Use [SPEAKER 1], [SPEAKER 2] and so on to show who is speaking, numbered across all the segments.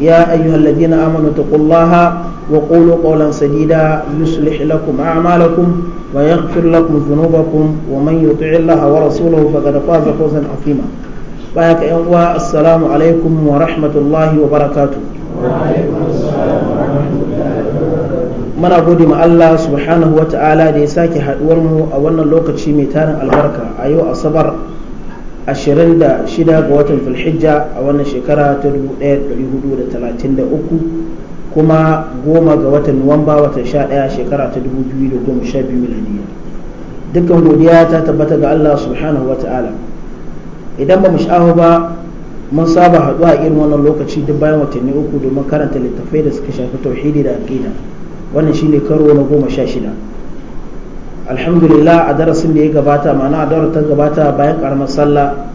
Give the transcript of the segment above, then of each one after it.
[SPEAKER 1] يا أيها الذين آمنوا اتقوا الله وقولوا قولا سديدا يصلح لكم أعمالكم ويغفر لكم ذنوبكم ومن يطع الله ورسوله فقد فاز فوزا عظيما بارك يا السلام عليكم ورحمة الله وبركاته
[SPEAKER 2] وعليكم السلام ورحمة
[SPEAKER 1] الله muna gode ma Allah subhanahu wa ta'ala da ya sake haduwar mu a wannan lokaci mai tarin albarka a yau asabar 26 ga watan filhijja a wannan shekara ta 1433 kuma goma ga watan nuwamba watan 11 shekara ta 2012 miladiya dukkan godiya ta tabbata ga Allah subhanahu ta'ala idan ba mu sha'awa ba mun saba haɗuwa a irin wannan lokaci duk bayan watanni uku domin karanta littafai da suka shafi tauhidi da aƙida wannan shine karo na goma sha shida alhamdulillah a darasin da ya gabata ma'ana a daura ta gabata bayan karamar sallah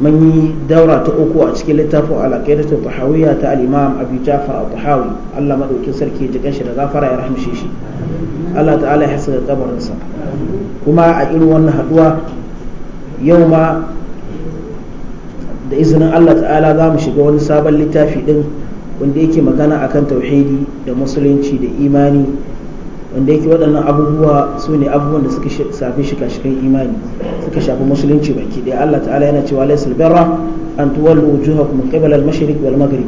[SPEAKER 1] mun yi daura ta uku a cikin littafin ta tahawiyya ta al abu jafar al-tahawi allah maɗauki sarki ya shi da zafara ya rahimshe shi allah ta'ala ya haska kabarinsa kuma a irin wannan haɗuwa yau ma da izinin allah ta'ala za mu shiga wani sabon littafi ɗin wanda yake magana akan tauhidi da musulunci da imani wanda yake waɗannan abubuwa su ne abubuwan da suka shafi shika-shikan imani suka shafi musulunci baki ɗaya Allah ta'ala yana cewa laysal birra an tuwallu kuma qibala al-mashriq wal maghrib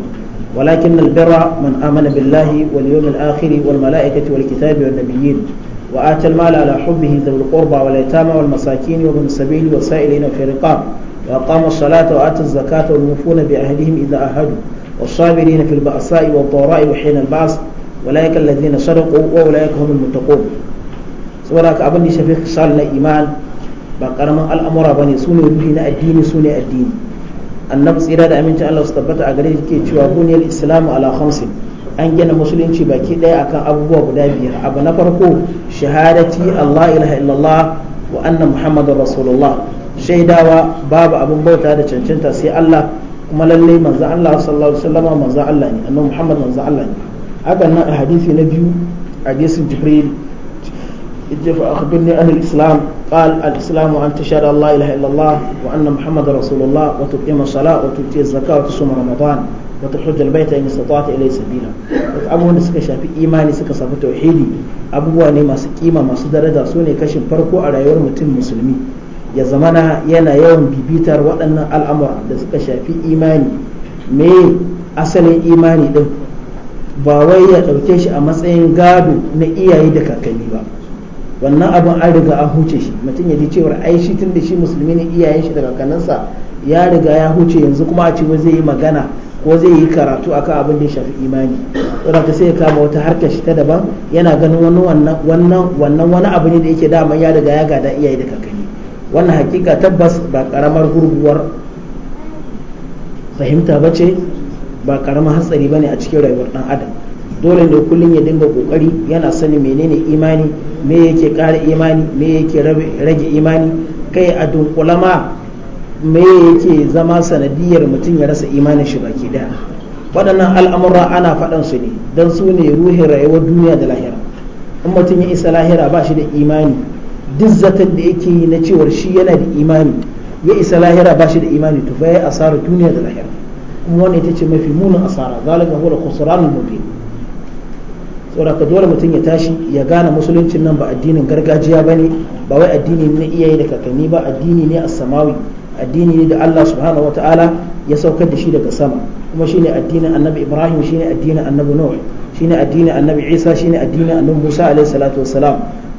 [SPEAKER 1] walakin al man amana billahi wal yawmil akhir wal mala'ikati wal kitabi wan nabiyyin wa ata al-mala ala hubbihi dhul qurba wal yatama wal masakin wa ibn sabil wa sa'ilina fi riqab wa aqama as-salata wa ata az-zakata wal mufuna bi ahlihim idha ahadu was-sabirina fil ba'sa'i wad-dharra'i wa bas ولائك الذين صدقوا وأولئك هم المتقون saboda abin da shafi sal na iman ba karamin al'amura ba ne su ne ruhi na addini su ne addini annab tsira da amincin allah su tabbata a gare ke cewa buniyar islamu ala khamsin an gina musulunci baki daya akan abubuwa guda biyar abu na farko shahadati allah ilaha illallah wa anna muhammadar rasulullah shaidawa babu abin bauta da cancanta sai allah kuma lallai manzo allah sallallahu alaihi wasallam manzo allah ne annabi muhammad manzo allah ne hakan nan a hadisi na biyu hadisin jibril fa akhbirni ahli al-islam qal al-islam an tashhadu an la ilaha illallah wa anna muhammadar rasulullah wa tuqima as-salat wa tuti az-zakat wa tusuma ramadan wa tahujja al-bayta in istata'ta ilayhi sabila abubuwan da suka shafi imani suka shafi tauhidi abubuwa ne masu kima masu daraja su ne kashin farko a rayuwar mutum musulmi ya zamana yana yawan bibitar waɗannan al'amura da suka shafi imani me asalin imani din ba wai ya ɗauke shi a matsayin gado na iyaye da kakanni ba wannan abin an riga an huce shi mutum ya ji cewar ai shi tun da shi musulmi ne iyayen shi da kakanninsa ya riga ya huce yanzu kuma a cewa zai yi magana ko zai yi karatu akan abin da ya shafi imani saboda ka sai ya kama wata harka shi ta daban yana ganin wani wannan wannan wannan wani abu ne da yake dama ya riga ya gada iyaye da kakanni wannan hakika tabbas ba karamar gurguwar fahimta ba ce ba karamin hatsari bane a cikin rayuwar ɗan adam dole ne kullum ya dinga kokari yana sani menene imani me yake kara imani me yake rage imani kai a dunkulama me yake zama sanadiyar mutum ya rasa imanin shi baki daya waɗannan al'amura ana faɗan su ne don su ne ruhin rayuwar duniya da lahira in mutum ya isa lahira ba shi da imani duk zaton da yake yi na cewar shi yana da imani ya isa lahira ba shi da imani to a ya duniya da lahira kuma wannan ita ce mafi munin asara zalika huwa khusranul mubin saboda ka dole mutum ya tashi ya gane musuluncin nan ba addinin gargajiya bane ba wai addini ne iyaye da kakanni ba addini ne as-samawi addini ne da Allah subhanahu wataala ya saukar da shi daga sama kuma shine addinin annabi Ibrahim shine addinin annabi Nuh shine addinin annabi Isa shine addinin annabi Musa alaihi salatu wassalam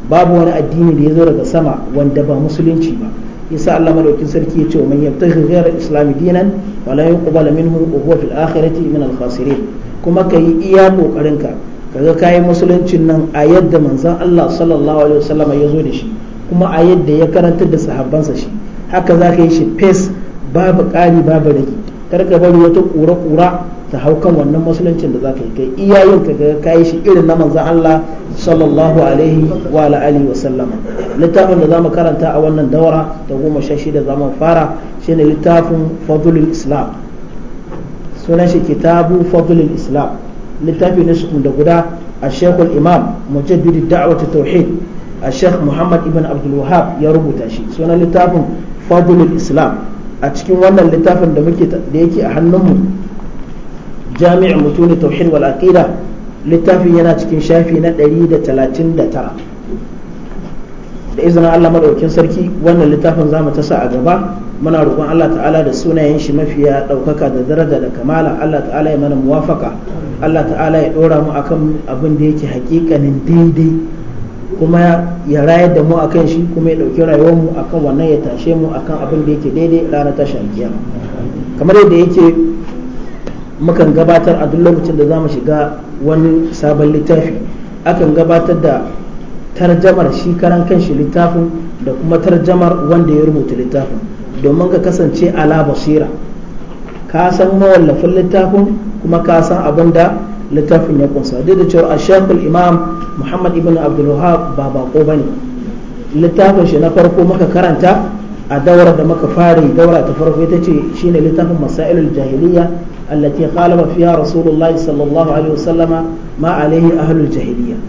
[SPEAKER 1] babu wani addini da ya zo daga sama wanda ba musulunci ba yasa Allah madaukin sarki ya ce wa man yabtaghi ghayra islami dinan wala yuqbal minhu wa huwa fil akhirati min al khasirin kuma kai iya kokarin ka kaga kai musuluncin nan a yadda manzon Allah sallallahu alaihi wasallam ya zo da shi kuma a yadda ya karantar da sahabbansa shi haka za ka yi shi fes babu ƙari babu rage kar ka bari wata ƙura kura. ta hau kan wannan musuluncin da za ka yi kai iyayen ka ga kayi shi irin na manzan Allah sallallahu alaihi wa alihi wa sallama littafin da zamu karanta a wannan daura da goma sha shida zamu fara shine littafin fadlul islam sunan shi kitabu fadlul islam littafi ne sukun da guda a shekul imam mujaddidi da'wat tauhid a shekh muhammad ibn abdul wahab ya rubuta shi sunan littafin fadlul islam a cikin wannan littafin da muke da yake a hannunmu jami'in mutune tauhid wal aqida littafin yana cikin shafi na 139 da izinin Allah maɗaukin sarki wannan littafin zamu ta sa a gaba muna roƙon Allah ta'ala da sunayen shi mafiya ɗaukaka da daraja da kamala Allah ta'ala ya mana muwafaka Allah ta'ala ya ɗora mu akan abin da yake hakikanin daidai kuma ya rayar da mu akan shi kuma ya ɗauki rayuwar mu akan wannan ya tashe mu akan abin da yake daidai ranar tashin kiyama kamar yadda yake mukan gabatar a duk lokacin da za mu shiga wani sabon littafi akan gabatar da tarjamar shi karan kanshi littafin da kuma tarjamar wanda ya rubuta littafin domin ka kasance ala basira ka san mawallafin littafin kuma ka san abin da littafin ya kunsa duk da cewa ashekul imam muhammad ibn abdul ba bako ba ne littafin shi na farko muka karanta a daura da muka fari daura ta farko ita ce shine littafin masailul jahiliya التي خالف فيها رسول الله صلى الله عليه وسلم ما عليه أهل الجاهلية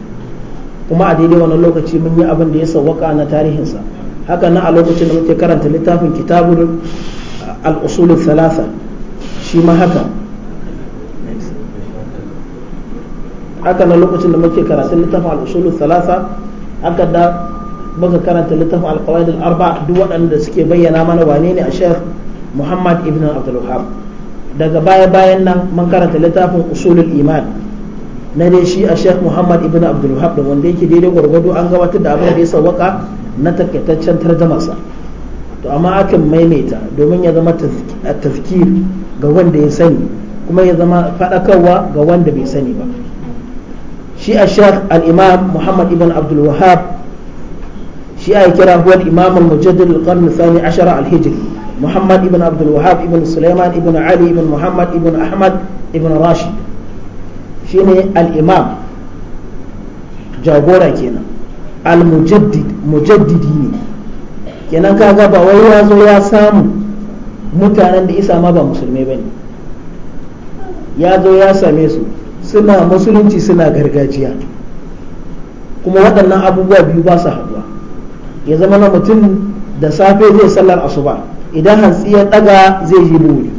[SPEAKER 1] kuma a daidai wannan lokaci mun yi abin ya sauwaka na tarihinsa haka nan a lokacin da muke karanta littafin kitabul al-usul shi ma haka haka lokacin da muke karatun littafin al muka karanta littafin al arba'a arba duk waɗanda suke bayyana mana wane ne a Sheikh Muhammad ibn Abdul daga baya bayan nan man karanta littafin usulul iman na dai shi a sheikh muhammad ibn abdul wahab da wanda yake daidai gwargwado an gabatar da abin da ya sawaka na takaitaccen tarjamarsa to amma akan maimaita domin ya zama tafkir ga wanda ya sani kuma ya zama faɗakarwa ga wanda bai sani ba shi a sheikh al-imam muhammad ibn abdul wahab shi a kira huwa al-imam al-mujaddid al-qarn thani ashara al-hijri محمد ابن عبد الوهاب ابن سليمان ابن علي ابن محمد ابن احمد ابن راشد شيني الامام جاغورا كينا المجدد مجددين kenan كاغا با وي يازو يا ya متانن دي da با مسلمي بني يازو يا سامي سو سنا same سنا غرغاجيا kuma waɗannan abubuwa biyu ba su haɗuwa ya zama na mutum da safe zai sallar asuba idan hantsi ya ɗaga zai yi buri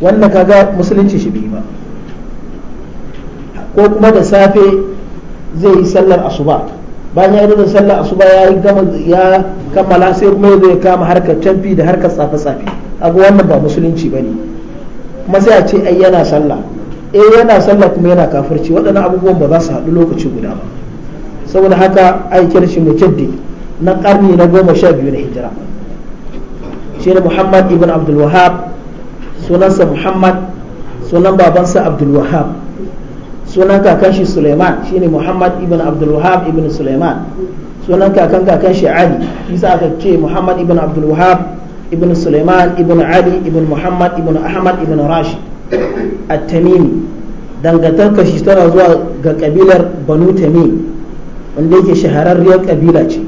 [SPEAKER 1] wannan kaga musulunci shi bai ba ko kuma da safe zai yi sallar asuba bayan ya da sallar asuba ya yi gama ya kammala sai kuma ya zai kama harkar canfi da harkar tsafe-tsafe ga wannan ba musulunci ba ne kuma sai a ce ai yana sallah eh yana sallah kuma yana kafirci waɗannan abubuwan ba za su haɗu lokaci guda ba saboda haka aikin shi mujaddid na ƙarni na goma sha biyu na hijira shine muhammad ibn abdul wahab sunansa muhammad sunan babansa abdul wahab sunan kakan shi suleiman shine muhammad ibn abdul wahab ibn suleiman sunan kakan kakan shi ali isa aka ce muhammad ibn abdul wahab ibn suleiman ibn ali ibn muhammad ibn ahmad ibn rashid at-tamimi dangantaka shi tana zuwa ga kabilar banu tamim wanda yake shahararriyar kabila ce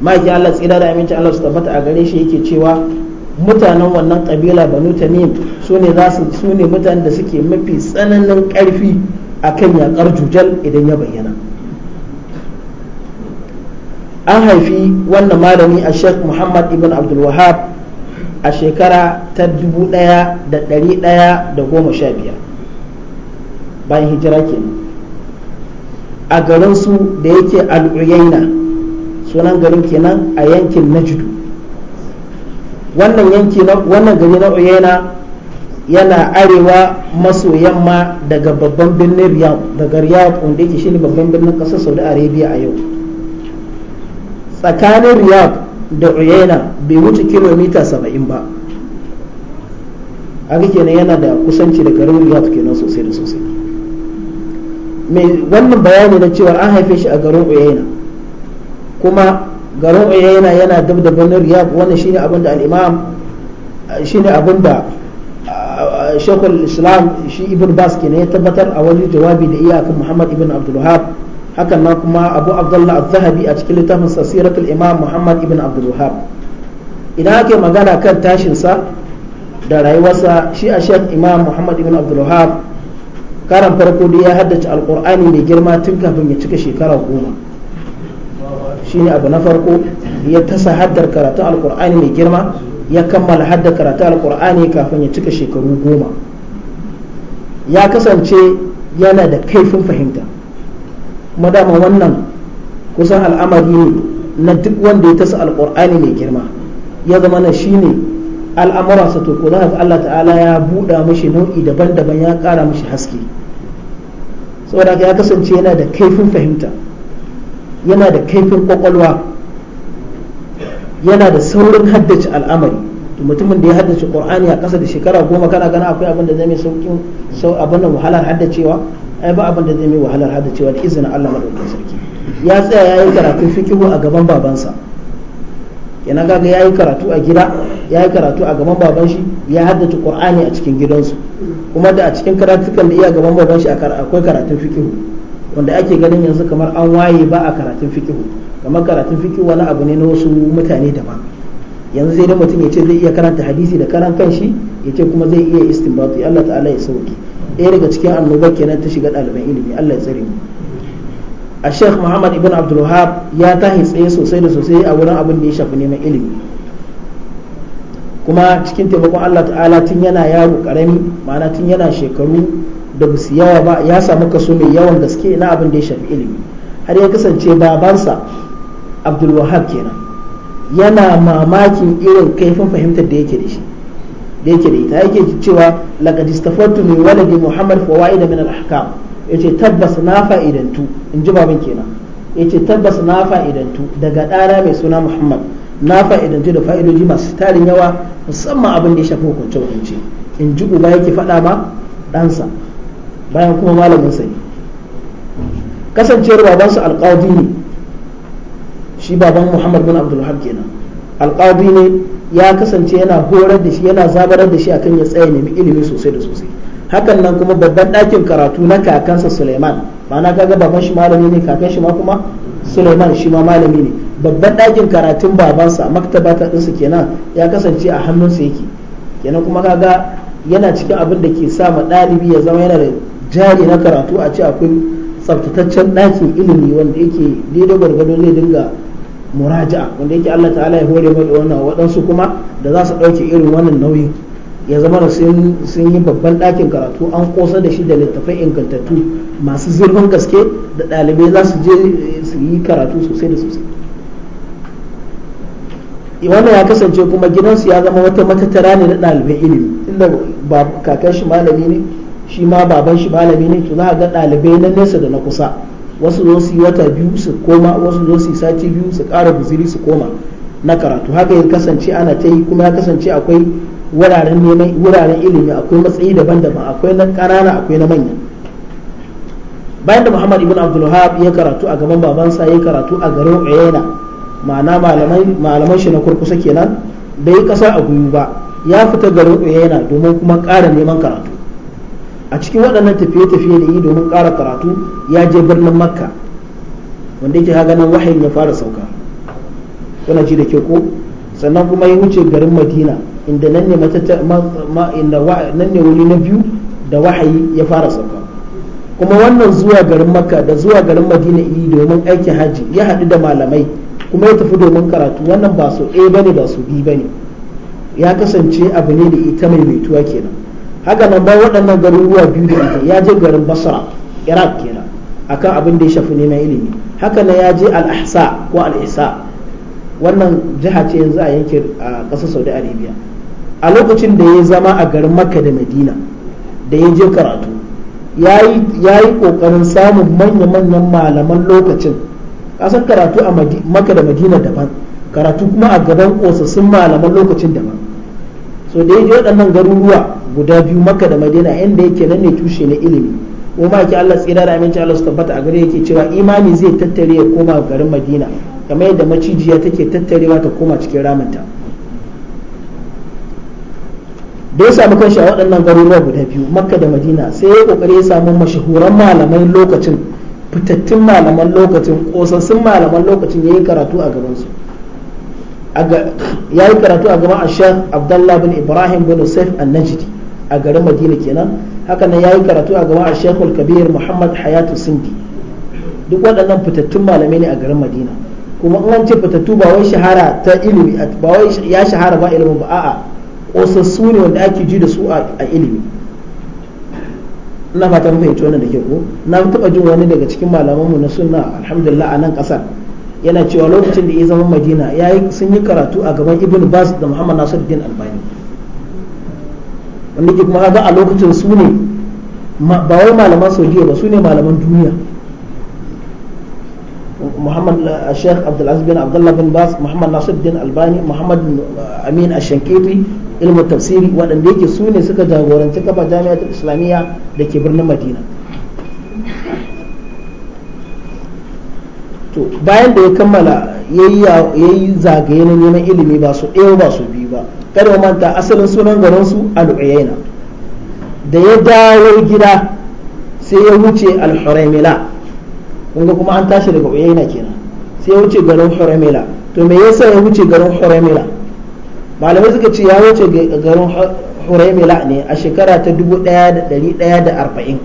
[SPEAKER 1] maki Allah tsira da aminci Allah su tabbata a gare shi yake cewa mutanen wannan kabila banu tamim su ne za su ne mutanen da suke mafi tsananin karfi a kan yakar jujal idan ya bayyana an haifi wannan malami a sheikh muhammad ibn abdul wahab a shekara ta 1115 bayan hijira kenan a garin su da yake al'uyaina sunan garin kenan a yankin najdu wannan yanki na wannan gari na uyena yana arewa maso yamma daga babban birnin riyadh daga riyad wanda yake shine babban birnin kasar saudi arabia a yau tsakanin riyad da uyena bai wuce kilomita saba'in ba haka kenan yana da kusanci da garin riyadh kenan sosai da sosai mai wannan bayani na cewa an haife shi a garin uyena kuma garin ya yana dab da banar riyadh wannan shine abinda da al-imam shine abinda shekul islam shi ibn bas ne ya tabbatar a wani jawabi da iyakan muhammad ibn abdul wahab hakan nan kuma abu abdullah az-zahabi a cikin littafin sasiratul imam muhammad ibn abdul wahab idan ake magana kan tashinsa da rayuwarsa shi a shek imam muhammad ibn abdul wahab karan farko da ya haddace al-qur'ani mai girma tun kafin ya cika shekara goma shine abu na farko ya tasa haddar karatun alkur'ani mai girma ya kammala haddar karatun alkur'ani kafin ya cika shekaru goma ya kasance yana da kaifin fahimta kuma dama wannan kusan al'amari ne na duk wanda ya tasa alkur'ani mai girma ya zama na shine al'amuransa to ko za ka Allah ta'ala ya buɗa mashi nau'i daban-daban ya ƙara mashi haske saboda ya kasance yana da kaifin fahimta yana da kaifin kwakwalwa yana da saurin haddace al'amari to mutumin da ya haddace qur'ani a ƙasa da shekara goma kana gana akwai abin da zai mai saukin sau abin da wahalar haddacewa ai ba abin da zai mai wahalar haddacewa da izinin Allah madaukakin sarki ya tsaya yayi karatu fikihu a gaban babansa yana ga yayi karatu a gida yayi karatu a gaban baban shi ya haddace qur'ani a cikin gidansu kuma da a cikin karatukan da iya gaban baban shi akwai karatun fikihu wanda ake ganin yanzu kamar an waye ba a karatun fikihu kamar karatun fikihu wani abu ne na wasu mutane daban yanzu sai dai mutum ya ce zai iya karanta hadisi da karan kanshi ya ce kuma zai iya istinbatu Allah ta'ala ya sauki ɗaya daga cikin annobar kenan ta shiga ɗaliban ilimi Allah ya tsare mu a sheikh muhammad ibn abdulwahab ya tahi tsaye sosai da sosai a wurin abin da ya shafi neman ilimi kuma cikin taimakon Allah ta'ala tun yana yaro karami ma'ana tun yana shekaru da ba su yawa ba ya samu kaso mai yawan gaske na abin da ya shafi ilimi har ya kasance babansa abdulwahab kenan yana mamakin irin kaifin fahimtar da yake da shi da yake da ita yake cewa laqad istafattu min waladi muhammad fawaida min al-ahkam yace tabbas na fa'idantu in ji baban kenan yace tabbas na fa'idantu daga ɗana mai suna muhammad na fa'idantu da fa'idoji masu tarin yawa musamman abin da ya shafi hukunce hukunce in ji uba yake faɗa ma ɗansa bayan kuma malamin sa ne kasancewar babansa alƙawdi ne shi baban muhammad bin abdulhab kenan alƙawdi ne ya kasance yana horar da shi yana zabarar da shi akan ya tsaya nemi ilimi sosai da sosai hakan nan kuma babban ɗakin karatu na kakansa suleiman ma'ana kaga baban shi malami ne kakan shi ma kuma suleiman shi ma malami ne babban ɗakin karatun babansa maktaba ta ɗinsa kenan ya kasance a hannunsa yake kenan kuma kaga yana cikin abin da ke sa ma ɗalibi ya zama yana da jari na karatu a ce akwai tsaftataccen ɗakin ilimi wanda yake daidai gwargwado zai dinga muraja wanda yake Allah ta'ala ya hore mai wannan waɗansu kuma da za su ɗauke irin wannan nauyin ya zama da sun yi babban ɗakin karatu an ƙosa da shi da littafai ingantattu masu zurfin gaske da ɗalibai za su je su yi karatu sosai da sosai wannan ya kasance kuma gidansu ya zama wata matattara ne na ɗalibai ilimi inda ba kakan malami ne shi ma baban shi malami ne to za ga ɗalibai na nesa da na kusa wasu zo su yi wata biyu su koma wasu zo su yi sati biyu su kara buziri su koma na karatu haka ya kasance ana ta yi kuma ya kasance akwai wuraren neman wuraren ilimi akwai matsayi daban-daban akwai na ƙanana akwai na manya bayan da muhammad ibn abdul wahab ya karatu a gaban babansa ya karatu a garin uyena ma'ana malaman shi na kurkusa kenan bai kasa a guyu ba ya fita garin uyena domin kuma ƙara neman karatu a cikin waɗannan tafiye-tafiye da yi domin ƙara karatu ya je birnin makka wanda yake ha ganin wahayin ya fara sauka kuna ji da ke ko sannan kuma ya wuce garin madina inda nan ne nan ne wuri na biyu da wahayi ya fara sauka kuma wannan zuwa garin makka da zuwa garin madina yi domin aikin hajji ya haɗu da malamai kuma ya tafi domin karatu wannan ba su ɗaya ne ba su biyu ne ya kasance abu ne da ita mai kenan haka nan ba waɗannan garuruwa biyu da ita ya je garin basra iraq kenan akan abin da ya shafi neman ilimi haka nan ya je al-ahsa ko al-ihsa wannan jiha ce yanzu a yankin a ƙasar saudi arabia a lokacin da ya zama a garin makka da madina da ya je karatu ya yi ƙoƙarin samun manya-manyan malaman lokacin ƙasar karatu a makka da madina daban karatu kuma a gaban ƙosassun malaman lokacin daban so da ya je waɗannan garuruwa guda biyu makka da madina inda yake nan ne tushe na ilimi ko ma yake Allah tsira da aminci Allah su tabbata a gare yake cewa imani zai tattare ya koma garin madina kamar yadda macijiya take tattarewa ta koma cikin ramanta da ya samu kanshi a waɗannan garuruwa guda biyu makka da madina sai ya kokari ya samu mashahuran malamai lokacin fitattun malaman lokacin kosassun malaman lokacin ya yi karatu a gabansu ya yi karatu a gaban ashar abdallah bin ibrahim bin saif an-najdi a garin madina kenan haka nan ya yi karatu a gaban shekul kabir muhammad hayatu sindi duk waɗannan fitattun malamai ne a garin madina kuma in an ce fitattu ba wai shahara ta ilimi ba wai ya shahara ba ilimin ba a'a ƙosassu ne wanda ake ji da su a ilimi ina fata mun fahimci wannan da ke ko na taɓa jin wani daga cikin mu na sunna alhamdulillah a nan ƙasar yana cewa lokacin da ya zama madina ya sun yi karatu a gaban ibn bas da muhammad nasiruddin albani wanda ke a lokacin su ne ba wai malaman saudiya ba sune malaman duniya muhammad uh, sheikh abdulaziz bin abdullah bin bas muhammad nasir bin albani muhammad uh, amin ashanketi ilmu tafsiri waɗanda yake su ne suka jagoranci kafa jami'a islamiyya da ke birnin madina to bayan da ya kammala ya yi zagaye na neman ilimi ba su ɗaya ba su biyu ba kada manta asalin sunan garin su al'uyaina da ya dawo gida sai ya wuce al kuma an tashi daga uyaina kenan sai ya wuce garin huraimila to me yasa ya wuce garin huraimila malamai suka ce ya wuce garin huraimila ne a shekara ta dubu da da arba'in.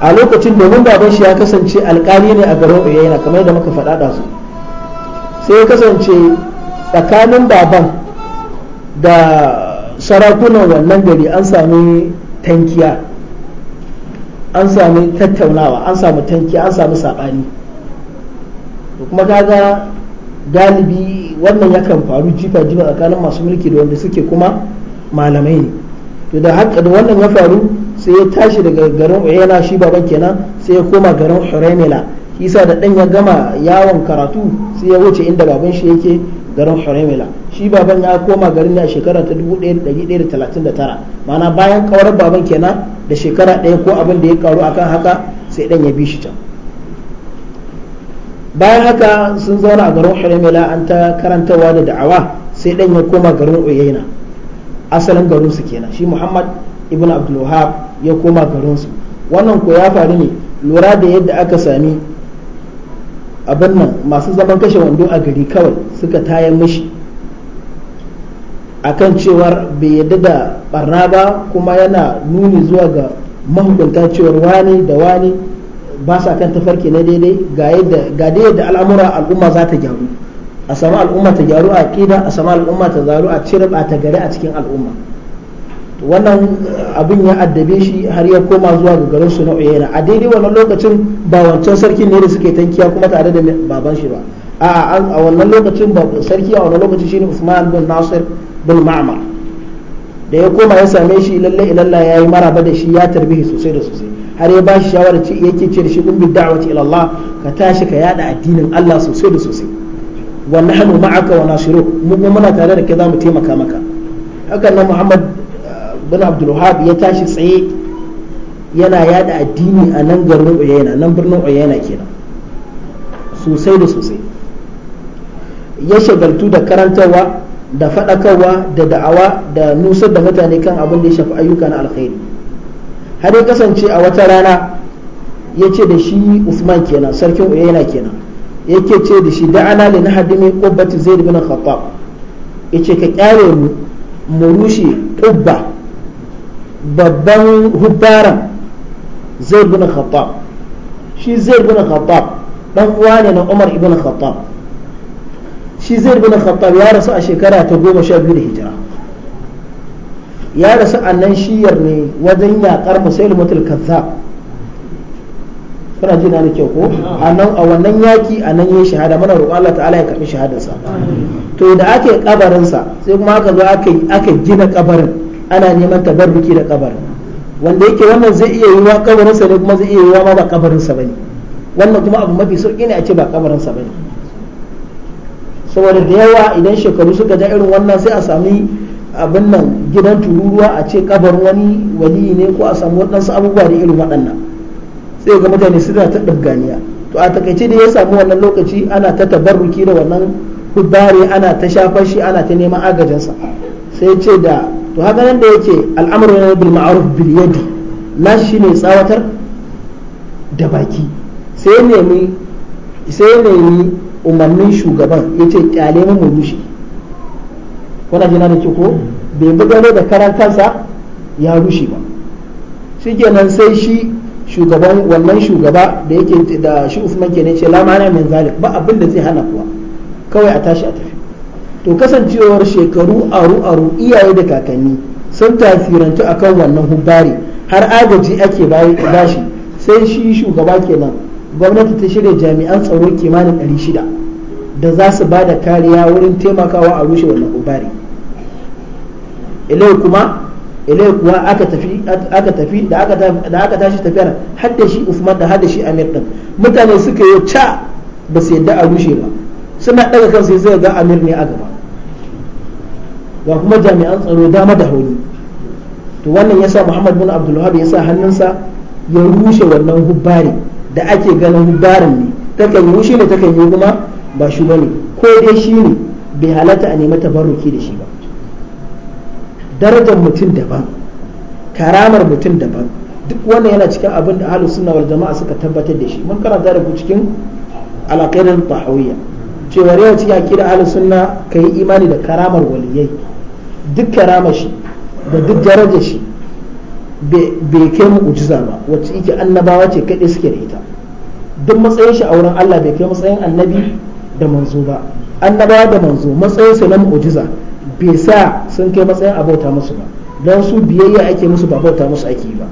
[SPEAKER 1] a lokacin domin baban shi ya kasance alkali ne a garin uyayna kamar yadda muka faɗa da su sai ya kasance tsakanin baban da sarakunan wannan gari an sami tankiya an sami tattaunawa an sami tankiya an sami saɓani kuma kaga galibi wannan yakan faru jifa jifa tsakanin masu mulki da wanda suke kuma malamai ne to da haka da wannan ya faru sai ya tashi daga garin oyena shi baban kenan sai ya koma garin huremila isa da dan ya gama yawon karatu sai ya wuce inda baban shi yake garin huremila shi baban ya koma garin ne a shekara ta 1139 mana bayan kawar baban kenan da shekara ɗaya ko abin da ya karu akan haka sai dan ya bi shi can bayan haka sun zauna a garin huremila an ta karantawa da da'awa sai dan ya koma garin oyena asalin garin su kenan shi muhammad ibn abdul wahab ya koma garinsu wannan ko ya faru ne lura da yadda aka sami abin nan masu zaman kashe wando a gari kawai suka tayar mishi akan cewar bai yadda da barna ba kuma yana nuni zuwa ga mahukunta cewar wani da wani ba sa kan tafarki na daidai ga da yadda al'amura al'umma za ta gyaru a sami al'umma ta gyaru a kida a sami al'umma ta zaru a cire ba ta gari a cikin al'umma wannan abin ya addabe shi har ya koma zuwa ga garin su na uyena a daidai wannan lokacin ba wancan sarkin ne da suke tankiya kuma tare da baban shi ba a a wannan lokacin ba sarki a wannan lokacin shine Usman bin Nasir bin Ma'mar da ya koma ya same shi lalle ilalla ya yi maraba da shi ya tarbihi sosai da sosai har ya bashi shawara ce yake ce da shi kun bi da'wati ila Allah ka tashi ka yada addinin Allah sosai da sosai wa nahnu ma'aka wa nasiru mu muna tare da kai za mu taimaka maka hakan nan Muhammad bin abdulwahab ya tashi tsaye yana yada addini a nan garin uyayna nan birnin uyayna kenan sosai da sosai ya shagaltu da karantarwa da faɗakarwa da da'awa da nusar da mutane kan abin da ya shafi ayyuka na alkhairi har ya kasance a wata rana ya ce da shi usman kenan sarkin uyayna kenan yake ce da shi da'ana li nahdimi zai zaid bin khattab ce ka kyare mu mu rushe ƙubba babban hubbaran zai bin khattab shi zai bin khattab dan uwa ne na umar ibn khattab shi zai bin khattab ya rasu a shekara ta goma sha biyu da hijira ya rasu a nan shiyar ne wajen yaƙar musulmatul kazzab kuna ji na da kyau ko a nan a wannan yaki a nan ya shahada mana roƙo Allah ta'ala ya karbi shahadarsa to da ake kabarinsa sai kuma aka zo aka gina kabarin ana neman tabarruki da kabarin wanda yake wannan zai iya yiwa kabarinsa ne kuma zai iya yiwa wa ba kabarinsa bane wannan kuma abu mafi sauki ne a ce ba kabarinsa bane saboda da yawa idan shekaru suka ja irin wannan sai a sami abin nan gidan tururuwa a ce kabarin wani wali ne ko a samu waɗansu abubuwa da irin waɗannan sai ga mutane suna ta ɗabganiya to a takaice da ya samu wannan lokaci ana ta tabarruki da wannan hudare ana ta shafar shi ana ta neman agajinsa sai ce da to haka nan da yake al'amur yana bil ma'ruf bil yadi shi ne tsawatar da baki sai ya nemi sai nemi umarnin shugaban yace kyale mu mu rushe wannan jina da ke ko bai bugare da karantarsa ya rushe ba shikenan sai shi shugaban wannan shugaba da yake da shi Usman ne ce lamana mana min zalik ba abin da zai hana kuwa kawai a tashi a to kasancewar shekaru aru aru iyaye da kakanni sun tasirantu akan wannan hubbari har agaji ake bashi sai shi shugaba kenan gwamnati ta shirya jami'an tsaro kimanin 600 da za su ba da kariya wurin taimakawa a rushe wannan hubbari ilai kuma ilai kuwa aka tafi da aka tashi tafiyar hadda shi Uthman da hadda shi Amir din mutane suka yi ca ba su yadda a rushe ba suna daga kansu sai ga Amir ne a gaba ga kuma jami'an tsaro dama da hauni to wannan yasa Muhammad bin Abdul Wahab yasa hannunsa ya rushe wannan hubbari da ake ganin hubbarin ne takan yi rushe ne takan yi kuma ba shi bane ko dai shi ne bai halatta a nemi tabarruki da shi ba darajar mutum daban karamar mutum daban duk wannan yana cikin abin da ahlus sunna wal jama'a suka tabbatar da shi mun karanta da ku cikin alaqidar tahawiyya cewa rewa cikin aqidar ahlus sunna kai imani da karamar waliyai duk karama shi da duk daraja shi bai kai mu'ujiza ba wacce yake annabawa ce kaɗai suke da ita duk matsayin shi a wurin Allah bai kai matsayin annabi da manzo ba annabawa da manzo matsayin su na mu'ujiza bai sa sun kai matsayin abauta musu ba don su biyayya ake musu ba bauta musu ake yi ba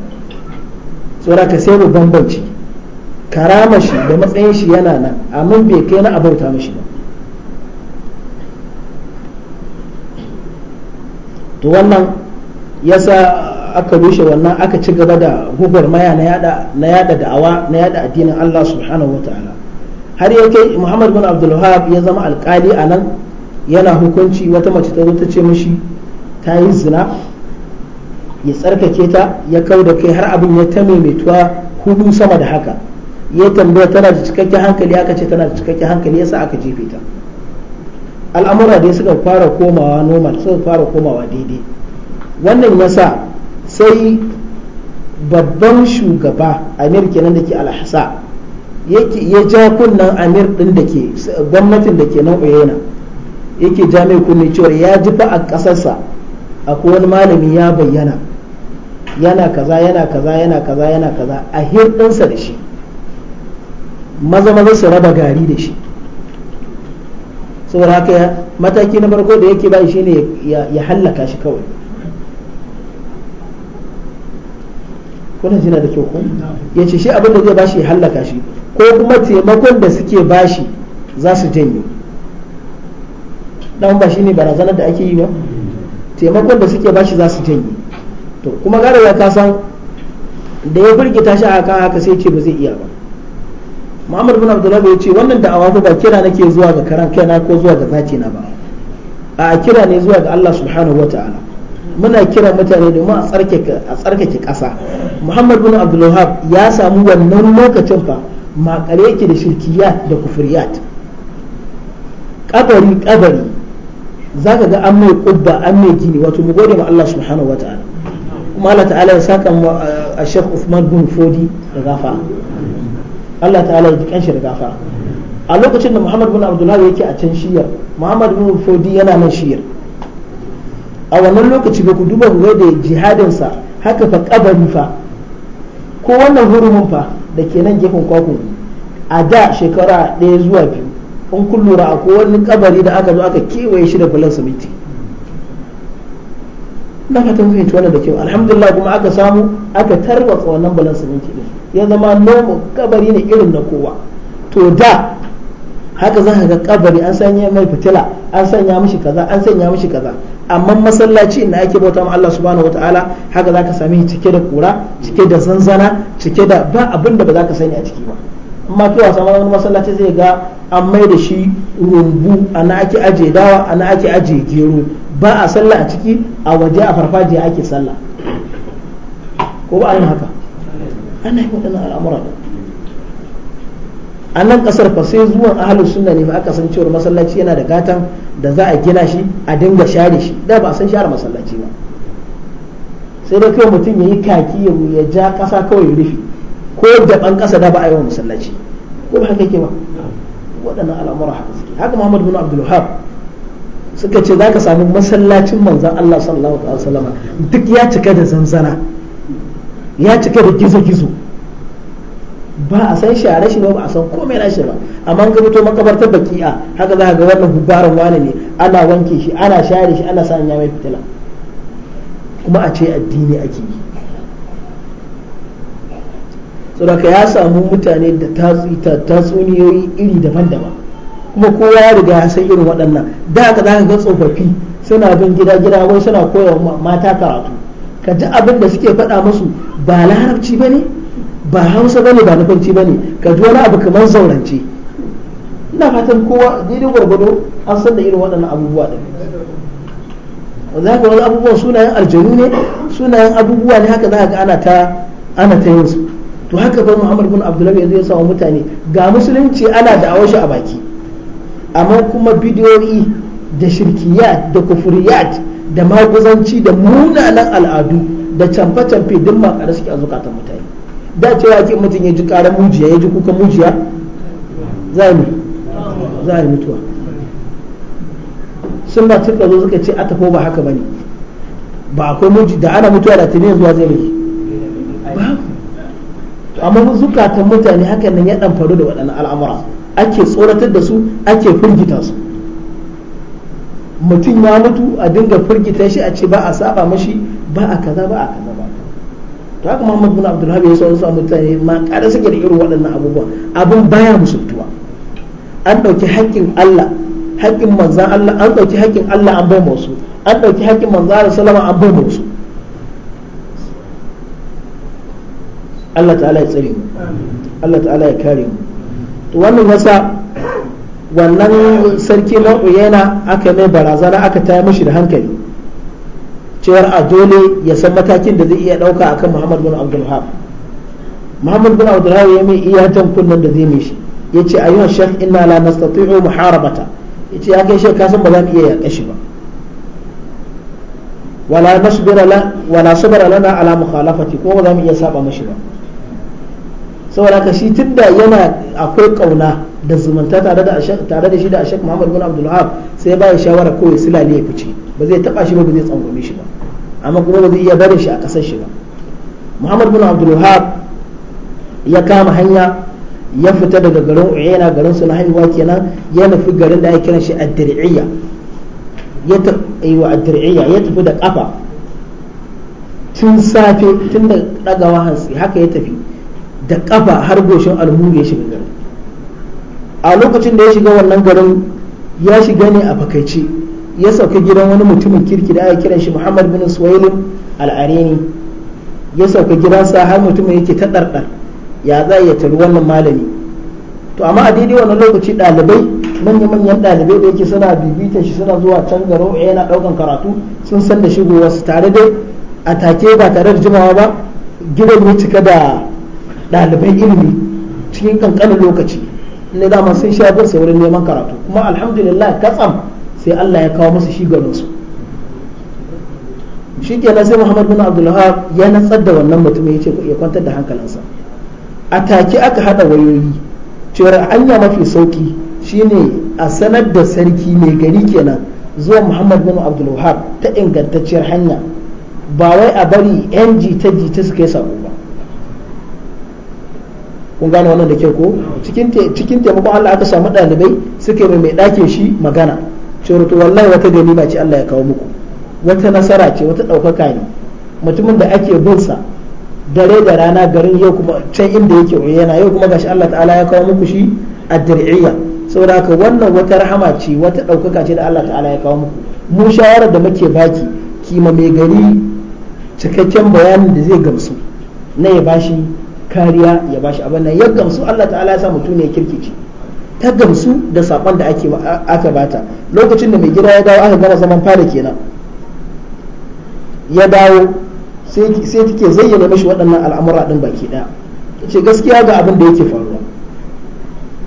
[SPEAKER 1] tsora ka sai mu bambanci karama shi da matsayin shi yana nan amma bai kai na abauta mishi ba to wannan yasa aka rushe wannan aka ci gaba da maya na yada da'awa na yada addinin Allah subhanahu ta'ala har yake Muhammad bin Abdul Wahab ya zama alkali anan yana hukunci wata mace ta zo ta ce mishi ta yi zina ya tsarkake ta ya kau da kai har abin ya ta maimaituwa hudu sama da haka ya tambaya tana da cikakken hankali aka ce tana da cikakken hankali yasa aka jefe ta al'amura dai suka fara komawa normal suka fara komawa daidai wannan yasa sai babban shugaba amir kenan da ke alhasa ya ja kunnan amir din da ke gwamnatin da ke nan uyena yake ja mai kunne cewar ya ji fa a ƙasarsa a wani malami ya bayyana yana kaza yana kaza yana kaza yana kaza a hirɗinsa da shi maza maza su raba gari da shi saboda haka mataki na farko da yake bai shine ya hallaka shi kawai kuna jina da kyau ko ya ce shi abin da zai bashi ya hallaka shi ko kuma taimakon da suke bashi za su janye dan ba shine barazanar da ake yi ba taimakon da suke bashi za su janye to kuma gara ya kasan da ya burgita shi a kan haka sai ce ba zai iya ba Muhammad bin Abdullah ya ce wannan da'awa ba kira nake zuwa ga karan kaina ko zuwa ga zaki na ba a kira ne zuwa ga Allah subhanahu ta'ala muna kira mutane da mu a tsarkake kasa Muhammad bin Abdullah ya samu wannan lokacin fa makare yake da shirkiyat da kufriyat kabari kabari zaka ga an mai kubba an mai gini wato mu gode ma Allah subhanahu ta'ala kuma Allah ta'ala ya saka mu eh, a Sheikh Uthman bin Fodi da zafa. Allah ta'ala ya jikan kanshi da a lokacin da Muhammad bin Abdullah yake a can shiyar Muhammad bin Fodi yana nan shiyar a wannan lokaci ba ku duba ga da jihadin sa haka fa kabari fa ko wannan hurumin fa da ke nan gefen kwaku a da shekara ɗaya zuwa biyu in kun lura a wani kabari da aka zo aka kewaye shi da bulan simiti na fatan fahimci wannan da kyau alhamdulillah kuma aka samu aka tarwatsa wannan bulan siminti ya zama nomo kabari ne irin na kowa to da haka za ka ga kabari an sanya mai fitila an sanya mishi kaza an sanya mishi kaza amma masallaci inda ake bauta ma Allah subhanahu wataala haka za ka sami cike da kura cike da zanzana cike da ba abin da ba za ka sani a ciki ba amma kai sama wani masallaci zai ga an mai da shi rumbu ana ake aje dawa ana ake aje gero ba a sallah a ciki a waje a farfajiya ake sallah ko ba a haka ana yi waɗannan al'amura a nan ƙasar fa sai zuwan ahalus sunna ne ba aka san cewar masallaci yana da gatan da za a gina shi a dinga share shi da ba a san share masallaci ba sai dai kawai mutum ya yi kaki ya ja ƙasa kawai ya rufe ko daban ƙasa da ba a yi wa masallaci ko ba haka ke ba waɗannan al'amura haka suke haka muhammad bin abdul wahab suka ce za ka samu masallacin manzan allah sallallahu alaihi wasallam duk ya cika da zanzana ya cika da gizo-gizo ba a san share shi ba ba a san komai na ba amma ga fito makabartar baki'a haka za a ga wannan hubbaran wani ne ana wanke shi ana share shi ana sa ya mai fitila kuma a ce addini ake yi saboda ya samu mutane da tatsuniyoyi iri daban-daban kuma kowa ya riga ya san irin waɗannan da aka za ka ga tsofaffi suna bin gida gida wai suna koyawa mata karatu ka ji abin da suke faɗa musu ba larabci ba ne ba hausa ba ne ba nufanci ba ne ka ji wani abu kamar zaurance ina fatan kowa daidai gwargwado an san da irin waɗannan abubuwa
[SPEAKER 2] da
[SPEAKER 1] za ka wani abubuwan sunayen aljanu ne sunayen abubuwa ne haka za ka ana ta ana ta yin su to haka fa Muhammad bin Abdullahi yanzu ya samu mutane ga musulunci ana da awashi a baki amma kuma bidiyoyi da shirkiyat da kufuriyat da maguzanci da munanan al'adu da canfe-canfe duk makare suke a zukatan mutane da cewa ake mutum ya ji karar mujiya ya ji kuka mujiya za mu za yi mutuwa sun ba cikin zo suka ce a tafo ba haka bane ba akwai muji da ana mutuwa da tuni zuwa zai rage amma zukatan mutane hakan nan ya dan faru da waɗannan al'amura ake tsoratar da su ake firgita su mutum ya mutu a dinga firgita shi a ce ba a saba mashi ba a kaza ba a kaza ba to haka Muhammad bin Abdulhab ya sauransu a mutane ma kada suke da irin waɗannan abubuwa abin baya musultuwa an ɗauki haƙƙin Allah haƙƙin manzan Allah an ɗauki haƙƙin Allah an bai wasu an ɗauki haƙƙin manzan Allah salama an bai wasu Allah ta'ala ya tsare mu Allah ta'ala ya kare mu to wannan yasa wannan sarki na uyena aka mai barazana aka taya mashi da hankali cewar a dole ya san matakin da zai iya ɗauka akan muhammad bin abdulhab muhammad bin abdulhab ya mai iya kunnen da zai mishi ya ce ayyuhan shekh ina la nastati'u muharabata ya ce ya kai shekh kasan ba za mu iya yaƙe shi ba wala nasbira la wala sabara lana ala mukhalafati ko ba za mu iya saba mashi ba saboda ka shi tunda yana akwai ƙauna. da zumunta tare da tare da shi da Ashek Muhammad bin Abdul Wahab sai ba ya shawara ya sila ne ya fice ba zai taba shi ba ba zai tsangwame shi ba amma kuma ba zai iya barin shi a kasar shi ba Muhammad bin Abdul Wahab ya kama hanya ya fita daga garin Uyena garin su na haihuwa kenan ya nufi garin da ake kiran shi ad ya tafi aiwa ad ya tafi da kafa tun safe tun da dagawa hansi haka ya tafi da kafa har goshin almuru ya garin a lokacin da ya shiga wannan garin ya shiga ne a fakaice ya sauka gidan wani mutumin kirki da aka kiran shi Muhammad bin Suwailin al'arini ya sauka gidansa har mutumin yake ta ɗarɗar ya za ya tari wannan malami to amma a daidai wannan lokaci ɗalibai manya-manyan ɗalibai da yake suna bibita shi suna zuwa can garo yana ɗaukan karatu sun san da shigowa su tare da a take ba tare da jimawa ba gidan ya cika da ɗalibai ilimi cikin kankanin lokaci ne dama sun sha bin wurin neman karatu kuma alhamdulillah katsam sai Allah ya kawo musu shi garin su shi sai Muhammad bin Abdullah ya natsar da wannan mutumin ya ce ya kwantar da hankalinsa a take aka hada wayoyi cewar anya mafi sauki shine a sanar da sarki mai gari kenan zuwa Muhammad bin Abdul ta ingantacciyar hanya ba wai a bari yan jita jita suka yi sako kun gane wannan da ke ko cikin taimakon Allah aka samu ɗalibai suka mai dake shi magana cewa to wallahi wata ba ce Allah ya kawo muku wata nasara ce wata ɗaukaka ne mutumin da ake bin sa dare da rana garin yau kuma can inda yake yana yau kuma gashi Allah ta'ala ya kawo muku shi a dir'iyya saboda haka wannan wata rahama ce wata ɗaukaka ce da Allah ta'ala ya kawo muku mu shawarar da muke baki kima mai gari cikakken bayanin da zai gamsu na ya bashi kariya ya bashi abin nan ya gamsu Allah ta'ala ya sa mutum ya kirkice ta gamsu da sakon da ake aka bata lokacin da mai gida ya dawo aka gama zaman fara kenan ya dawo sai take zayyana mishi waɗannan al'amura ɗin baki ɗaya ce gaskiya ga abin da yake faruwa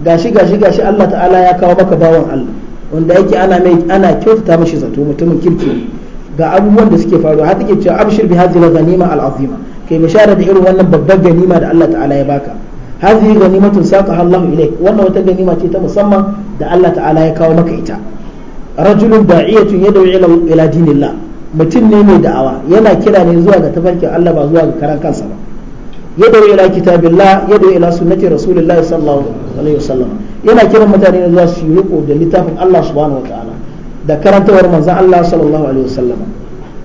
[SPEAKER 1] gashi gashi gashi Allah ta'ala ya kawo maka bawan Allah wanda yake ana mai ana kyautata mishi zato mutumin kirki ga abubuwan da suke faruwa har take cewa abshir bi hadhihi al-ghanima al-azima kai bishara da irin wannan babbar ganima da Allah ta'ala ya baka hadhihi ganimatun saqaha Allah ilayk wannan wata ganima ce ta musamman da Allah ta'ala ya kawo maka ita rajulun da'iyatun yad'u ila ila dinillah mutum ne mai da'awa yana kira ne zuwa ga tafarkin Allah ba zuwa ga karan kansa ba yad'u ila kitabillah yad'u ila sunnati rasulillahi sallallahu alaihi wasallam yana kiran mutane da zuwa su yi riko da littafin Allah subhanahu wataala da karantawar manzon Allah sallallahu alaihi wasallam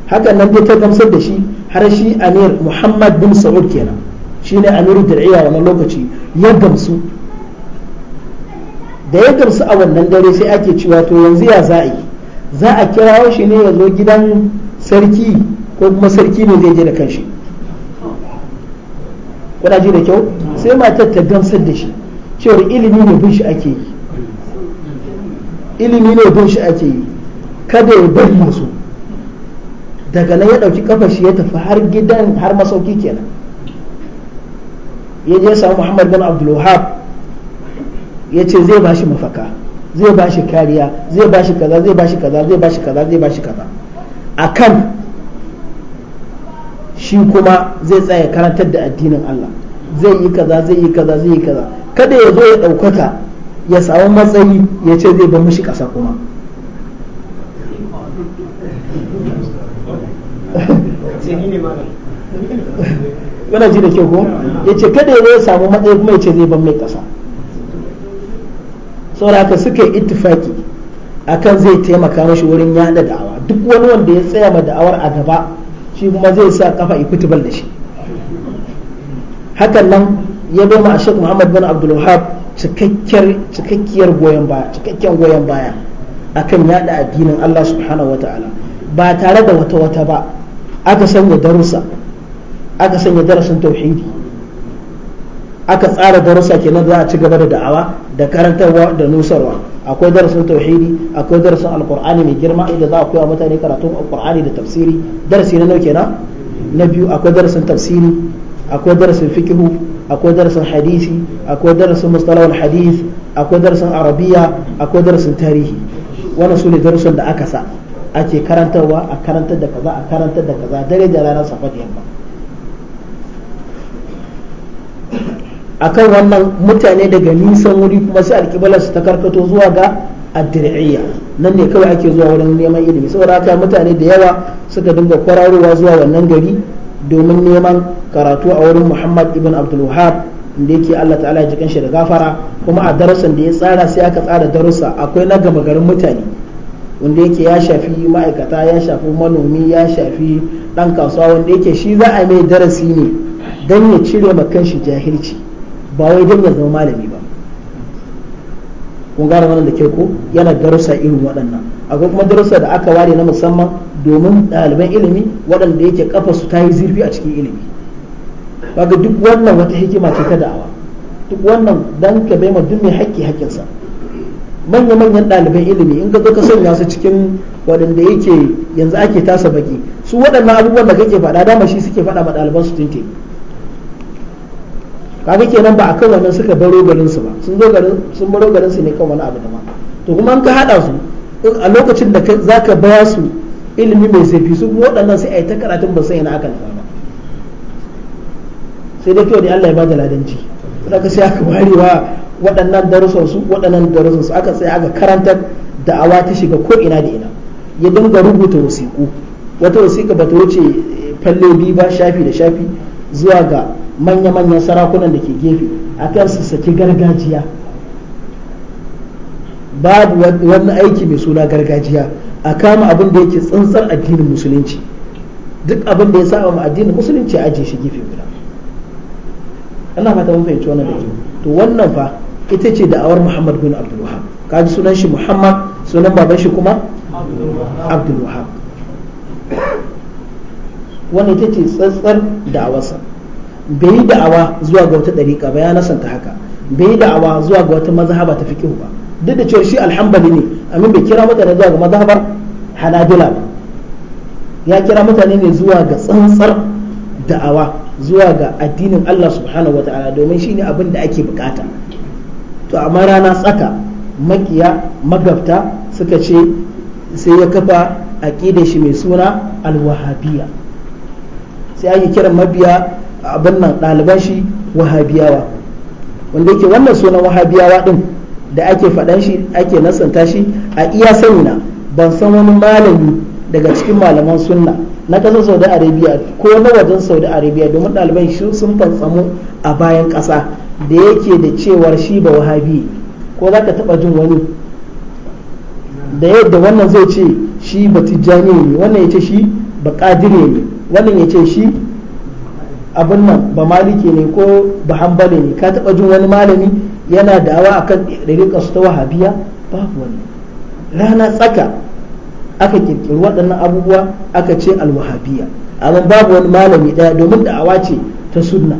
[SPEAKER 1] hakan nan dai ta gamsar da shi har shi amir muhammad bin sa'ud kenan shi ne amiru dar'iya wannan lokaci ya gamsu da ya gamsu a wannan dare sai ake cewa to yanzu ya za yi za a kira shi ne ya zo gidan sarki ko kuma sarki ne zai je da kanshi kuna ji da kyau sai matar ta gamsar da shi cewar ilimi ne bin shi ake yi ilimi ne bin shi ake yi kada ya bari musu daga nan ya ɗauki kafa shi ya tafi har gidan har masauki kenan ya je samu muhammad bin abdul ya ce zai bashi mafaka zai bashi kariya zai bashi kaza zai bashi kaza zai bashi kaza zai bashi kaza kan shi kuma zai tsaya karantar da addinin Allah zai yi kaza zai yi kaza zai yi kaza kada ya zo ya ɗaukaka ya samu matsayi ya ce zai bar mushi ƙasa kuma yana ji da kyau ko ya ce kada ya samu matsayi kuma ya ce zai ban mai ƙasa sauraka suka yi ittifaki akan zai taimaka mashi wurin yada da'awa duk wani wanda ya tsaya ma da'awar a gaba shi kuma zai sa kafa ikutubal da shi hakan nan ya bai ma shek Muhammad bin Abdul Wahab cikakkiyar goyon baya cikakken goyon akan yada addinin Allah subhanahu ta'ala ba tare da wata wata ba aka sanya darussa aka sanya darasin tauhidi aka tsara darussa kenan za a ci gaba da da'awa da karantarwa da nusarwa akwai darasin tauhidi akwai darasin alkur'ani mai girma inda za a koya mutane karatun alkur'ani da tafsiri darasi na nauke na na biyu akwai darasin tafsiri akwai darasin fikihu akwai darasin hadisi akwai darasin mustalahul hadis akwai darasin arabiya akwai darasin tarihi wannan su ne da aka sa ake karantarwa a karantar da kaza a karantar da kaza dare da rana safa da yamma akan wannan mutane daga nisan wuri kuma sai su ta karkato zuwa ga addirciya nan ne kawai ake zuwa wurin neman ilimi saboda haka mutane da yawa suka dinga kwararowa zuwa wannan gari domin neman karatu a wurin Muhammad ibn Abdul Wahhab inda yake Allah ta'ala ya ji kanshi da gafara kuma a darussan da ya tsara sai aka tsara darussa akwai na gama garin mutane wanda yake ya shafi ma'aikata ya shafi manomi ya shafi dan kasuwa wanda yake shi za a mai darasi ne don ya cire ma kanshi jahilci ba wai don ya zama malami ba kun gane wannan da ke ko yana darussa irin waɗannan akwai kuma darussa da aka ware na musamman domin ɗaliban ilimi waɗanda yake kafa su ta yi zirfi a cikin ilimi ba ga duk wannan wata hikima ce ta da'awa duk wannan dan ka bai ma duk mai haƙƙi haƙƙinsa manya-manyan ɗaliban ilimi in ka zo ka sanya su cikin waɗanda yake yanzu ake tasa baki su waɗannan abubuwan da kake faɗa dama shi suke faɗa ma ɗaliban su Ba kaga kenan ba akan wannan suka baro garin su ba sun zo garin sun baro garin su ne kan wani abu ma to kuma an ka hada su a lokacin da zaka baya su ilimi mai zafi su waɗannan sai a yi ta karatun ba sai yana aka nufa ba sai dai kyau da Allah ya bada ladanci saboda sai aka warewa waɗannan darussansu, waɗannan darussansu, aka tsaya aka karantar awa ta shiga ko ina da ina ya dinga rubuta wasiƙu wata wasiƙa ba ta wuce eh, falle biyu ba shafi da shafi zuwa ga manya-manyan sarakunan da ke gefe kan su saki gargajiya babu wani aiki mai suna gargajiya a kama abin da yake tsantsar addinin musulunci duk abin da ya sa ma addinin musulunci a ajiye shi gefe guda Ana fata mun fahimci wannan da to wannan fa ita ce da'awar muhammad bin abdul wahab kaji sunan shi muhammad sunan baban shi kuma abdul wahab wani ita ce tsatsar da'awarsa bai yi da'awa zuwa ga wata ɗariƙa ba ya nasanta haka bai yi da'awa zuwa ga wata mazhaba ta fiqh ba duk da cewa shi alhambali ne amin bai kira mutane zuwa ga mazhabar hanabila ba ya kira mutane ne zuwa ga tsantsar da'awa zuwa ga addinin Allah subhanahu wataala domin shine abin da ake bukata to amma rana tsaka makiya magabta suka ce sai ya kafa aƙidar shi mai suna alwahabiya sai ake kiran mabiya abin nan ɗaliban shi wahabiyawa wanda yake wannan sunan wahabiyawa ɗin da ake faɗan shi ake nasanta shi a iya sanina ban san wani malami daga cikin malaman sunna na ƙasar saudi arabia ko na wajen saudi arabia domin ɗaliban sun fantsamu a bayan ƙasa da yake da cewar shi ba wahabi ko za ka taɓa jin wani da yadda wannan zai ce shi ba tijjani ne wannan ya ce shi ba ƙadire ne wannan ya ce shi abin ba maliki ne ko ba hambale ne ka taba jin wani malami yana dawa akan ɗariƙa su ta wahabiya babu wani rana tsaka aka kirkiri waɗannan abubuwa aka ce alwahabiya amma babu wani malami ɗaya domin da'awa ce ta sunna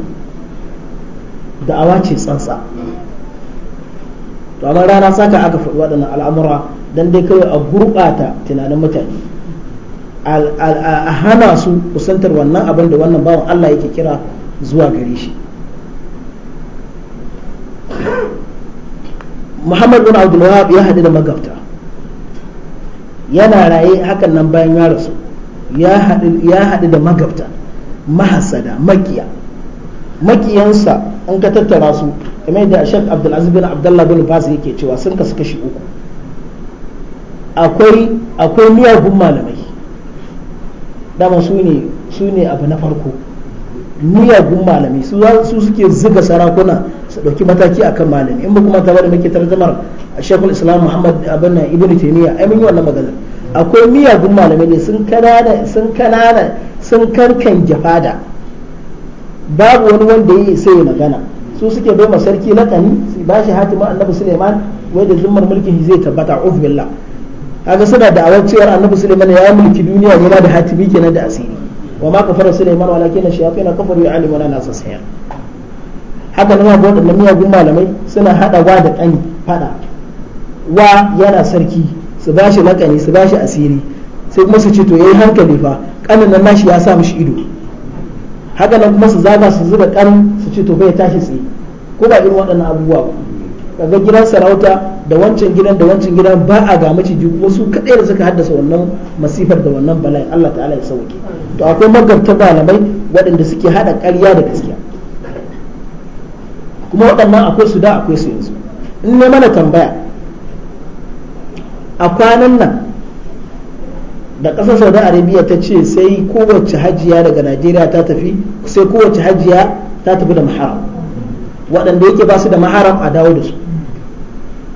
[SPEAKER 1] da'awa ce tsantsa to amma rana saka aka faɗi waɗannan al'amura dan dai kawai a gurɓata tunanin mutane a hana su kusantar wannan abin da wannan bawan Allah yake kira zuwa gare shi Muhammad bin Abdul ya haɗu da magabta yana raye hakan nan bayan ya rasu ya hadu da magabta mahasada makiya makiyansa an ka tattara su kamar yadda shek Abdul Aziz bin Abdullah bin Bas yake cewa sun kasu kashi uku akwai akwai miyagun malamai dama su ne su ne abu na farko miyagun malami su suke zuga sarakuna su ɗauki mataki akan malami in ba kuma ta bada muke a shekul islam muhammad abin na ibn taymiya ai mun yi wannan magana akwai miyagun malamai ne sun kanana sun kanana sun karkan jafada babu wani wanda ya sai ya magana su suke bai sarki lakani su ba shi hatima annabi suleiman wai da zumar mulkin zai tabbata uf billah kaga suna da'awar cewar annabi suleiman ya mulki duniya yana da hatimi kenan da asiri wa ma kafara suleiman walakin shayatin kafaru ya'lamuna na sayya haka nan ga wadannan miyagun malamai suna hada wa da kani fada wa yana sarki su ba shi lakani su ba shi asiri sai kuma su ce to yayi hankali fa kanin nan nashi ya sa mishi ido haka nan kuma su zaga su zuba kan su ce to bai tashi tsaye ko ba irin waɗannan abubuwa ba kaga gidan sarauta da wancan gidan da wancan gidan ba a ga maciji wasu kaɗai da suka haddasa wannan masifar da wannan bala'in Allah ta'ala ya sauke to akwai magabta malamai waɗanda suke haɗa ƙarya da gaskiya kuma waɗannan akwai su da akwai su yanzu in ne mana tambaya a kwanan nan da ƙasar saudi arabia ta ce sai kowace hajiya daga najeriya ta tafi sai kowace hajiya ta tafi da maharam waɗanda yake ba su da maharam a dawo da su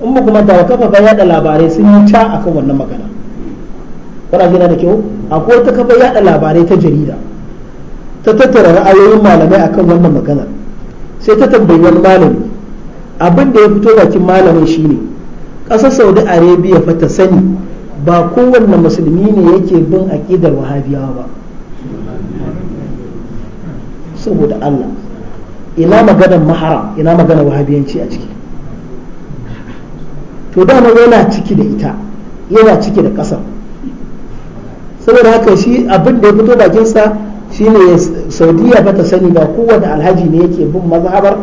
[SPEAKER 1] in ba kuma dawa kafafen yada labarai sun yi ca akan wannan magana kuna gina da kyau akwai wata kafa yada labarai ta jarida ta tattara ra'ayoyin malamai akan wannan magana sai ta tambayi wani malami abinda ya fito bakin malamin shine ƙasar saudi arabia fa ta sani ba kowanne musulmi ne yake bin aƙidar wahabiyawa ba saboda Allah ina maganar mahara ina maganar wahabiyanci a ciki to dama yana ciki da ita yana ciki da ƙasar saboda haka shi abin da ya fito bakinsa shine saudiya ba ta sani ba kowanne alhaji ne yake bin mazhabar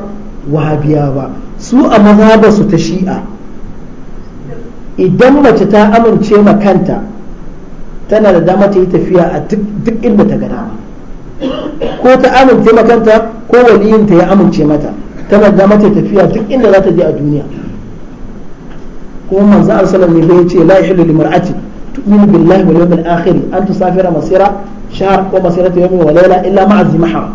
[SPEAKER 1] wahabiya ba su a mazhabar ta shi'a idan mace ta amince ma kanta tana da dama ta yi tafiya a duk inda ta gada ko ta amince ma kanta ko waliyinta ya amince mata tana da dama ta yi tafiya duk inda za ta je a duniya ko manzo sallallahu alaihi wasallam ce la yahillu limar'ati tu'minu billahi wal yawmil akhir an tusafira masira shahr ko masirata yawmin wa layla illa ma'a zi mahram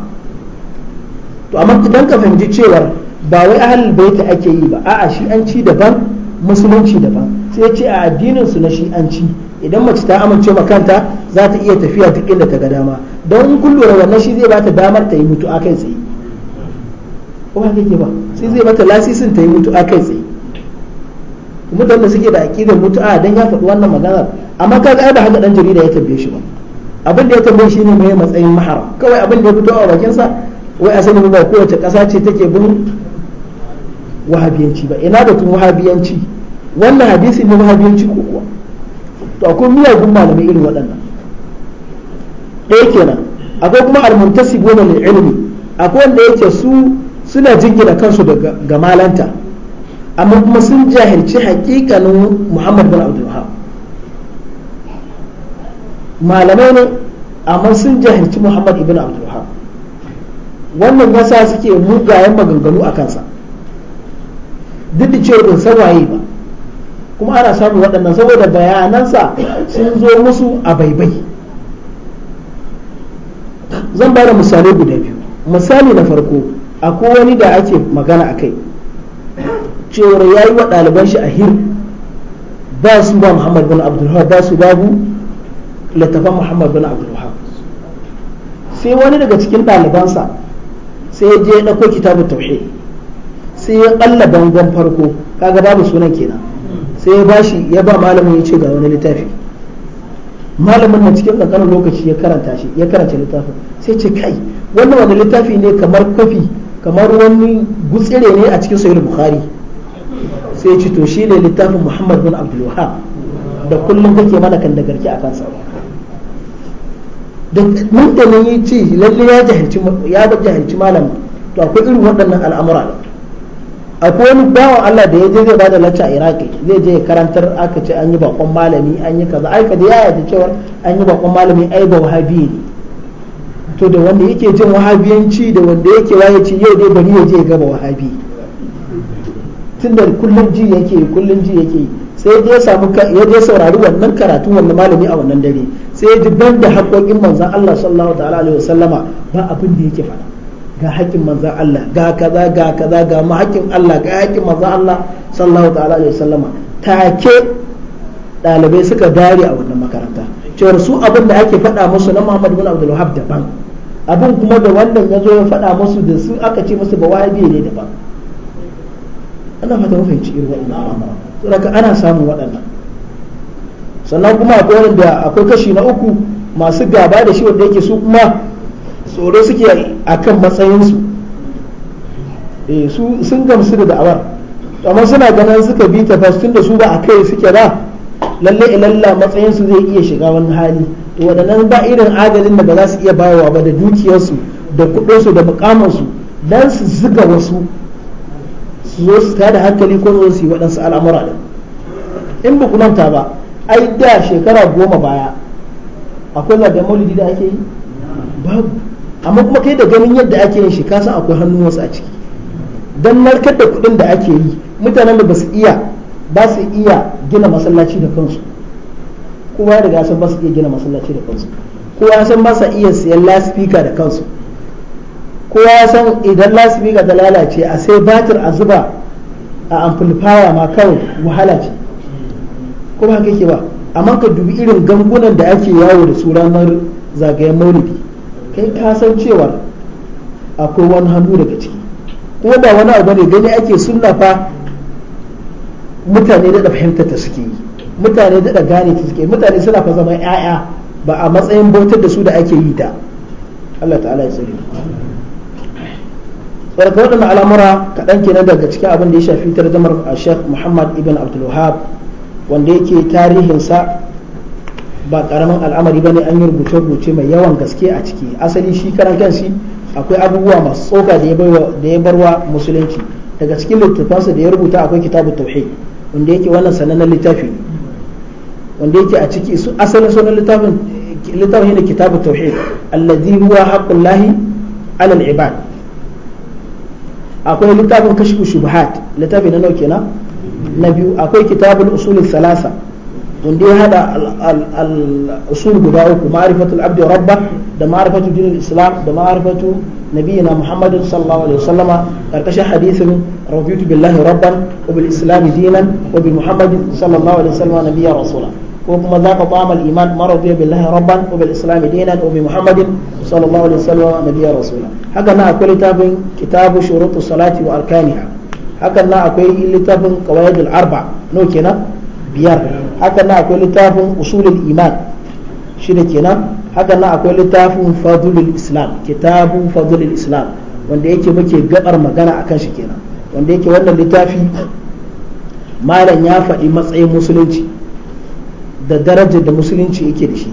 [SPEAKER 1] to amma idan ka fahimci cewar ba wai ahlul baiti ake yi ba a'a shi an ci daban musulunci daban sai ce a addinin su na shi'anci idan mace ta amince ma kanta za ta iya tafiya duk inda ta ga dama don in kun lura wannan shi zai bata damar ta yi mutu a kai tsaye ko ba kake ba sai zai bata lasisin ta yi mutu a kai tsaye mutanen da suke da aqidar a dan ya faɗi wannan maganar amma ka ga ba haka dan jarida ya tambaye shi ba abin da ya tambaye shi ne mai matsayin mahara kawai abin da ya fito a bakin sa wai a sani ba kowace ƙasa ce take bin wahabiyanci ba ina da tun wahabiyanci wannan hadisi ne mahabiyanci ko kuwa to akwai miyagun malamai irin waɗannan ɗaya kenan akwai kuma almuntasi goma mai ilimi akwai wanda yake su suna jingina kansu daga malanta amma kuma sun jahilci hakikanin muhammad bin abdul malamai ne amma sun jahilci muhammad ibn abdul wannan yasa suke mugayen maganganu a kansa duk da cewa ban san waye ba kuma ana samun waɗannan saboda bayanansa sun zo musu a baibai zan ba da misalai guda biyu misali na farko akwai wani da ake magana a kai cewar ya yi wa ɗaliban shi a hir ba su ba muhammad bin abdulhab ba su babu littafan muhammad bin abdulhab sai wani daga cikin ɗalibansa sai je ya ɗauko kitabun tauhid sai ya ƙalla bangon farko kaga babu sunan kenan sai ya bashi ya ba malamin ya ce ga wani littafi malamin na cikin kankanin lokaci ya karanta shi ya karanta littafin sai ce kai wannan wani littafi ne kamar kofi kamar wani gutsire ne a cikin sahih bukhari sai ce to shi ne littafin muhammad bin abdul da kullum kake mana kan da garki a kansa da nan da nan yi ci lalle ya jahilci malamin to akwai irin waɗannan al'amura ne akwai wani bawan Allah da ya je zai bada lacca a Iraki zai je ya karantar aka ce an yi bakon malami an yi kaza aika da yaya da cewa an yi bakon malami ai ba wahabi ne to da wanda yake jin wahabiyanci da wanda yake waye ci yau dai bari ya je ya gaba wahabi tunda kullum ji yake kullum ji yake sai je samu ya je saurari wannan karatu wannan malami a wannan dare sai ya ji banda haƙoƙin manzon Allah sallallahu ta'ala alaihi wasallama ba abin da yake faɗa ga haƙƙin manzan Allah ga kaza ga kaza ga ma haƙƙin Allah ga haƙƙin manzan Allah sallallahu ta'ala alaihi wasallama take ɗalibai suka dare a wannan makaranta cewar su abin da ake faɗa musu na Muhammad bin Abdul Wahab daban abin kuma da wannan yazo ya faɗa musu da su aka ce musu ba wahabi ne daban ana fata mu fahimci irin waɗannan al'amura saboda ana samun waɗannan sannan kuma akwai wanda akwai kashi na uku masu gaba da shi wanda yake su kuma tsoro suke a kan matsayinsu eh, sun gamsu da da'awar amma suna ganin suka bi ta fas tun da su ba a kai suke ba lalle ilalla matsayinsu zai iya shiga wani hali to waɗannan ba irin adalin da ba za su iya bawa ba da dukiyarsu da kuɗinsu da mukamansu dan su zuga wasu su zo su tada hankali ko su yi waɗansu al'amura da in ba ku manta ba ai da shekara goma baya akwai da maulidi da ake yi babu amma kuma kai da ganin yadda ake yin shi ka san akwai hannun wasu a ciki dan narkar da kuɗin da ake yi mutanen da ba su iya ba su iya gina masallaci da kansu kowa ya riga san ba su iya gina masallaci da kansu kowa ya san ba sa iya siyan lasifika da kansu kowa ya san idan lasifika ta lalace a sai batir a zuba a amplifier ma kawai wahala ce kuma haka ke ba amma ka dubi irin gangunan da ake yawo da su ranar zagayen maulidi kai ka san cewa akwai wani hannu daga ciki kuma ba wani abu ne gani ake sunna fa mutane da fahimtar ta suke yi mutane da gane ta suke mutane suna fa zama 'ya'ya ba a matsayin bautar da su da ake yi ta. Allah ta'ala ya tsare al'amura kaɗan kenan daga cikin abin da ya shafi tarjamar a sheikh muhammad ibn abdul wanda yake tarihinsa ba karamin al'amari bane an yi rubuce-rubuce mai yawan gaske a ciki asali shi karan kanshi akwai abubuwa masu tsoka da ya barwa musulunci daga cikin littattafansa da ya rubuta akwai kitabu tauhid wanda yake wannan sanannen littafi wanda yake a ciki asalin sunan littafin littafin ne kitabu tauhid alladhi huwa haqqul lahi ala ibad akwai littafin kashfu shubuhat littafi na nauke na na biyu akwai kitabul usulul salasa wanda ya hada al'usul guda uku ma'arifatul abdi rabba da ma'arifatul dinin islam da ma'arifatul nabiyina muhammadin sallallahu alaihi wasallama karkashin hadisin rabitu billahi rabban wa bil islam dinan wa bi muhammadin sallallahu alaihi wasallama nabiyya rasula ko kuma zaka ta'ama al iman ma radiya billahi rabban wa bil islam dinan wa bi muhammadin sallallahu alaihi wasallama nabiyya rasula haka na akwai littafin kitabu shurutus salati wa arkaniha haka na akwai littafin qawaidul arba no kenan biyar hakan na akwai littafin usulul iman shi shida kenan haka na akwai littafin fadulul islam kitabu fadulul islam wanda yake muke gabar magana akan shi kenan wanda yake wannan littafi malam ya faɗi matsayin musulunci da darajar da musulunci yake da shi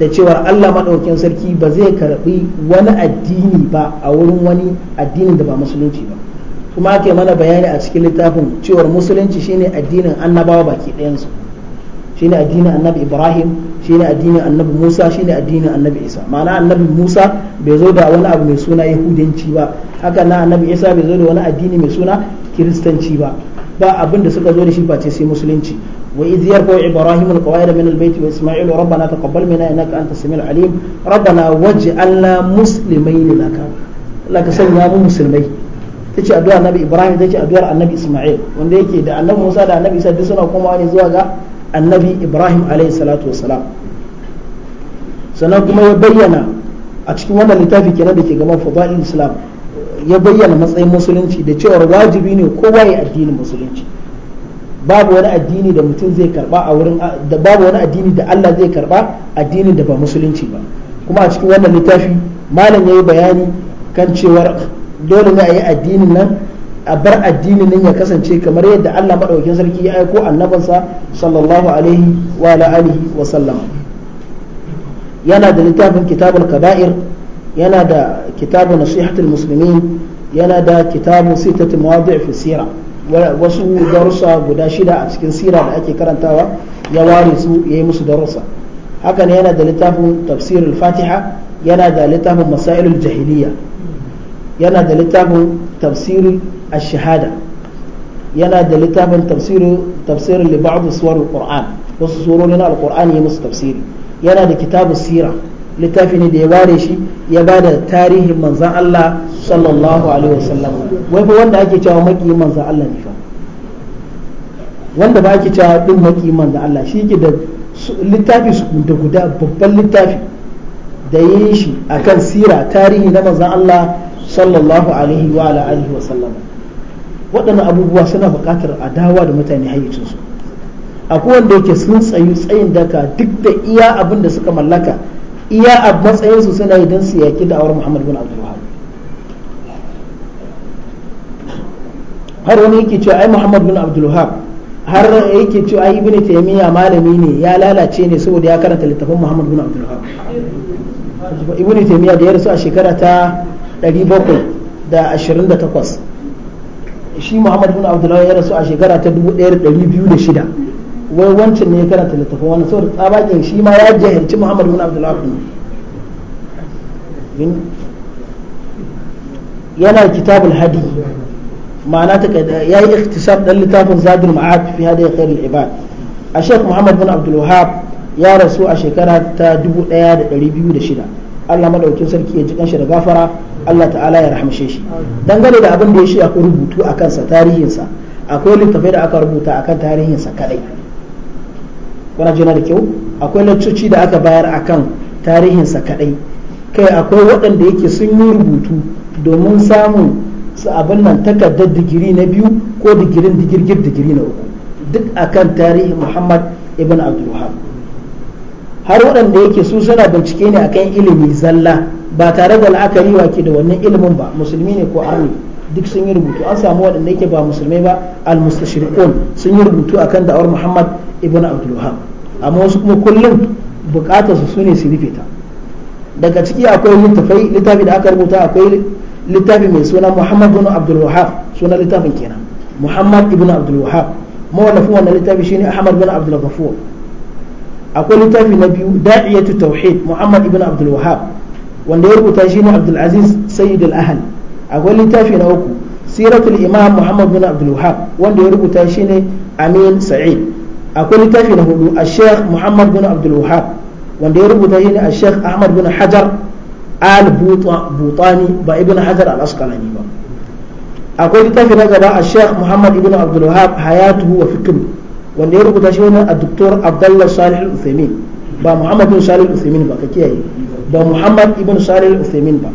[SPEAKER 1] da cewa Allah maɗaukin sarki ba zai karɓi wani addini ba a wurin wani addinin da ba musulunci ba kuma ake mana bayani a cikin littafin cewar musulunci shine addinin annabawa baki ɗayansu shine addinin annabi ibrahim shine addinin annabi musa shine addinin annabi isa ma'ana annabi musa bai zo da wani abu mai suna yahudanci ba haka na annabi isa bai zo da wani addini mai suna kiristanci ba ba abin da suka zo da shi face sai musulunci وإذ يرفع إبراهيم القواعد من البيت وإسماعيل ربنا تقبل منا إنك أنت السميع العليم ربنا واجعلنا مسلمين لك sanya سنة musulmai ce addu'ar annabi ibrahim ce addu'ar annabi isma'il wanda yake da annabi musa da annabi isa duk suna komawa ne zuwa ga annabi ibrahim alayhi salatu wassalam sannan kuma ya bayyana a cikin wannan littafi kenan da ke gaban fadail islam ya bayyana matsayin musulunci da cewar wajibi ne kowa ya addinin musulunci babu wani addini da mutum zai karba a wurin da babu wani addini da Allah zai karba addinin da ba musulunci ba kuma a cikin wannan littafi malam yayi bayani kan cewar dole ne a yi addinin nan a bar addinin nan ya kasance kamar yadda Allah maɗaukin sarki ya aiko annabansa sallallahu alaihi wa alihi wa sallam yana da littafin kitabul kaba'ir yana da kitabu nasihatul muslimin yana da kitabu sitatu mawadi' fi sira wasu darussa guda shida a cikin sira da ake karantawa ya ware su yayi musu darussa hakan yana da littafin tafsirul fatiha yana da littafin masailul jahiliya yana da littafin tafsirin a shahada yana da littafin tafsirin tafsirin li ba'd suwar alquran wasu surori na alqur'ani yi musu tafsiri yana da kitabu sira littafi ne da ya ware shi ya ba da tarihin manzan Allah sallallahu alaihi wasallam wai fa wanda ake cewa maki manzan Allah ne fa wanda ba ake cewa din maki manzan Allah shi ke da littafi su da guda babban littafi da yi shi akan sira tarihi na manzan Allah sallallahu alaihi wa ala alihi wa sallama waɗannan abubuwa suna buƙatar a dawa da mutane hayyacinsu akwai wanda yake sun tsayu tsayin daka duk da iya abin da suka mallaka iya a matsayinsu suna yi don su yaƙi da'awar muhammad bin abdul wahab har wani yake cewa ai muhammad bin abdul wahab har yake cewa ai ibnu taymiya malami ne ya lalace ne saboda ya karanta littafin muhammad bin abdul wahab
[SPEAKER 2] ibn taymiya da
[SPEAKER 1] ya rasu a shekara ta 728 shi muhammad bin abdullahi ya rasu a shekara ta 1206 wai wancan ne ya karanta littafin wani saboda tsabagen shi ma ya jahilci muhammad bin abdullahi yana kitabul hadi ma'ana ta ya yi iktisar dan littafin zadul ma'ad fi ya kairin ibad a shek muhammad bin abdul ya rasu a shekara ta 1206 Allah madaukin sarki ya ji kanshi da gafara Allah ta'ala ya rahamshe shi dangane da abin da ya shafi rubutu a kansa tarihinsa akwai littafai da aka rubuta a kan tarihinsa kadai kuna jina da kyau akwai laccoci da aka bayar a akan tarihinsa kadai kai akwai waɗanda yake sun yi rubutu domin samun su abin nan takardar digiri na biyu ko digirin digirgir digiri na uku duk akan tarihin muhammad ibn abdulwahab har waɗanda yake su suna bincike ne akan ilimi zalla ba tare da la'akari wake da wannan ilimin ba musulmi ne ko arni duk sun yi rubutu an samu waɗanda yake ba musulmai ba al-mustashriqun sun yi rubutu akan da'awar Muhammad ibn Abdul Wahhab amma wasu kuma kullum bukatar su ne su rufe ta daga ciki akwai littafai littafi da aka rubuta akwai littafi mai suna Muhammad ibn Abdul Wahhab suna littafin kenan Muhammad ibn Abdul Wahhab mawallafin wannan littafi shine Ahmad ibn Abdul Ghafur akwai littafi na biyu da'iyatu tauhid Muhammad ibn Abdul Wahhab wanda ya rubuta shine Abdul Aziz Sayyid al-Ahl akwai littafi na uku siratul imam Muhammad bin Abdul wanda ya rubuta shine Amin Sa'id akwai littafi na hudu Sheikh Muhammad bin Abdul Wahhab wanda ya rubuta shine Sheikh Ahmad bin Hajar al-Butani ba Ibn Hajar al-Asqalani ba akwai littafi na gaba Sheikh Muhammad ibn Abdul hayatu hayatuhu wa fikru wanda ya rubuta shi ne a Dr. Abdullah Salih Al-Uthaymeen ba Muhammad bin Salih al-Uthaymeen ba ka kiyaye ba Muhammad ibn Salih al-Uthaymeen ba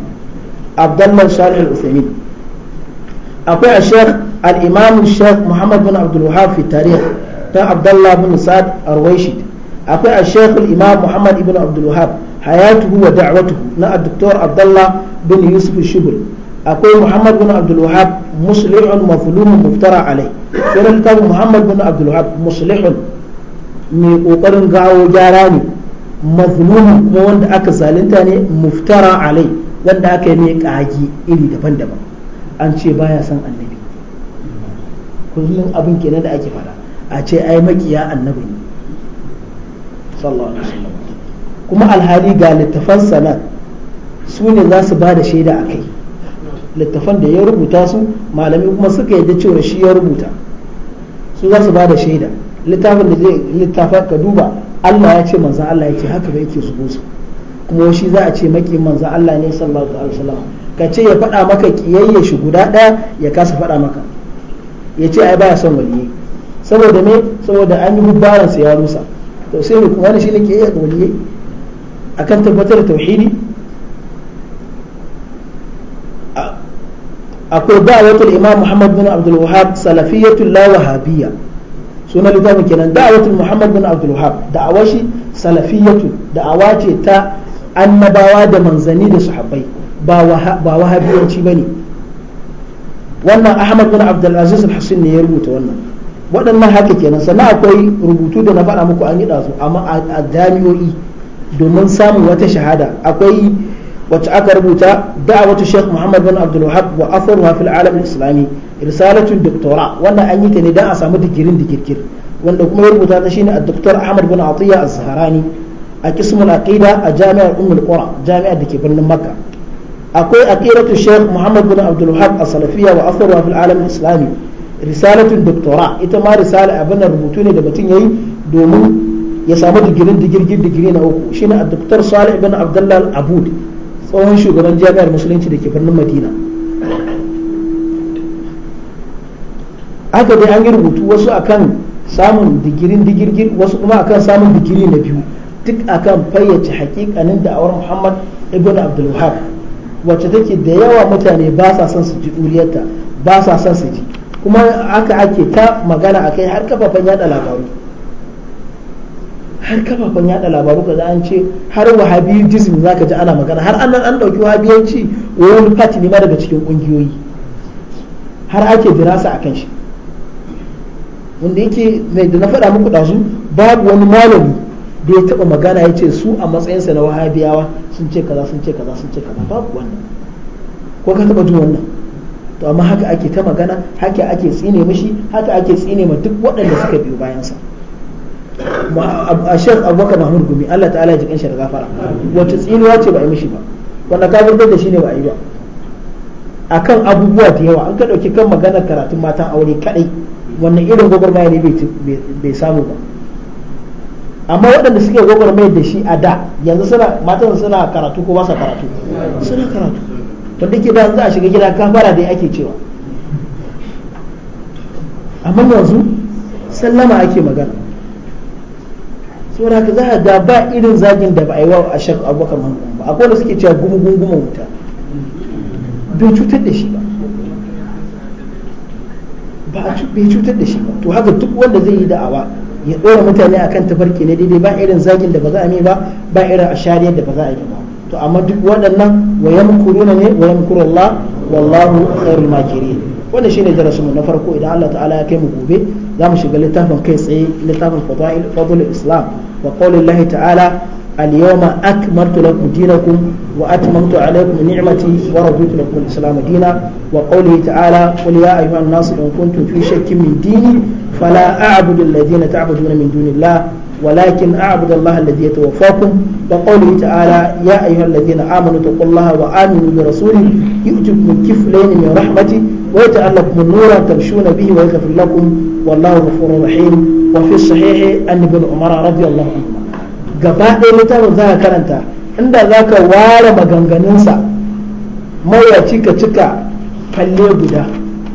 [SPEAKER 1] Abdullah Salih al-Uthaymeen akwai a Sheikh al-Imam Sheikh Muhammad bin Abdul Wahhab fi tarikh ta Abdullah bin Sa'ad Arwaishi akwai a Sheikh al-Imam Muhammad ibn Abdul Wahhab hayatuhu wa da'watuhu na Dr. Abdullah bin Yusuf Shubr akwai Muhammad bin Abdul Wahhab muslihun maflumun muftara alai sai littafin Muhammad bin Abdul Wahhab muslihun mai kokarin gawo gyara ne mazlumin kuma wanda aka zalunta ne muftara alai wanda aka yi mai kagi iri daban-daban an ce baya son annabi kullum abin kenan da ake fara a ce ai makiya annabi ne sallallahu alaihi wasallam kuma alhali ga littafan sanad su ne za su ba da shaida a kai littafan da ya rubuta su malami kuma suka yadda cewa shi ya rubuta su za su ba da shaida littafin da zai littafa ka duba Allah ya ce manzan Allah ya ce haka bai yake zubo kuma shi za a ce maki manzan Allah ne sallallahu alaihi wasallam ka ce ya faɗa maka kiyayye shi guda ɗaya ya kasa faɗa maka ya ce ai baya son waliye saboda me saboda an yi hubbaran sa ya rusa to sai ne kuma wani shine kiyayye ga waliyai akan tabbatar da tauhidi akwai da'watul imam Muhammad bin Abdul Wahhab salafiyatul la wahabiyya sunan littafin kenan da'awatul muhammad bin abdul wahab da'awar shi salafiyatu da'awa ce ta annabawa da manzanni da sahabbai ba wahabiyanci ba ne wannan ahmad bin abdul aziz al ne ya rubuta wannan waɗannan haka kenan sannan akwai rubutu da na faɗa muku an yi ɗazu amma a jami'o'i domin samun wata shahada akwai wacce aka rubuta da'awatu Sheikh Muhammad bin Abdul Wahab wa atharuha fil alam islami risalatu doktora wannan an yi ta ne dan a samu digirin digirgir wanda kuma ya rubuta ta shine Dr. Ahmad bin Atiyya Az-Zahrani a kismul aqida a jami'ar Ummul Qura jami'ar da birnin Makka akwai aqidatu Sheikh Muhammad bin Abdul Wahab as-Salafiyya wa atharuha fil alam islami risalatun doktora ita ma risala abin da rubutu ne da mutum yayi domin ya samu digirin digirgir digiri na uku shine a doktor salih bin abdullah al-abud tsohon shugaban jami'ar musulunci da ke birnin madina aka dai an yi rubutu wasu akan samun digirin digirgir wasu kuma akan samun digiri na biyu duk akan fayyace hakikanin da'awar muhammad ibn abdul wacce take da yawa mutane ba sa son su ji duriyarta ba sa son su ji kuma aka ake ta magana a kai har kafafen yada labaru har kafafen yada labaru kaza an ce har za zaka ji ana magana har annan an dauki wahabiyanci wani fati ne ma daga cikin kungiyoyi har ake dirasa akan shi wanda yake mai da na faɗa muku dazu babu wani malami da ya taɓa magana ya ce su a matsayinsa na wahabiyawa sun ce kaza sun ce kaza sun ce kaza babu wannan ko ka taɓa jin wannan to amma haka ake ta magana haka ake tsine mishi haka ake tsine ma duk waɗanda suka biyo bayansa a shek abubakar mahmud gumi allah ta'ala ya ji shi da gafara wata tsinuwa ce ba a yi mishi ba wanda kafin da shi ne ba a yi ba a kan abubuwa da yawa an ka ɗauki kan maganar karatun matan aure kaɗai wannan irin gwagwarmaya ne bai samu ba amma waɗanda suke gwagwarmaya da shi a da yanzu suna matan suna karatu ko ba sa karatu suna karatu to duk da za a shiga gida kafara da ake cewa amma yanzu sallama ake magana saboda haka za da ba irin zagin da ba a yi wa a shek abubakar mahmud ba akwai da suke cewa gumu gunguma wuta bai cutar da shi ba ba bai cutar da shi ba to haka duk wanda zai yi da'awa ya ɗora mutane a kan tafarki ne daidai ba irin zagin da ba za a yi ba ba irin shariyar da ba za a yi ba to amma duk waɗannan wa yamkuruna ne wa yamkuru Allah wallahu khairul makirin wannan shine darasinmu na farko idan Allah ta'ala ya kai mu gobe za mu shiga littafin kai tsaye littafin fadail fadlul islam وقول الله تعالى اليوم أكملت لكم دينكم وأتممت عليكم نعمتي ورضيت لكم الإسلام دينا وقوله تعالى قل يا أيها الناس إن كنتم في شك من ديني فلا أعبد الذين تعبدون من دون الله ولكن أعبد الله الذي يتوفاكم وقوله تعالى يا أيها الذين آمنوا اتقوا الله وآمنوا برسوله يؤتكم كفلين من رحمته ويجعل لكم نورا تمشون به ويغفر لكم والله غفور رحيم وفي الصحيح أن ابن عمر رضي gaba ɗaya littafin za karanta inda za ka ware maganganunsa mawaci cika cika falle guda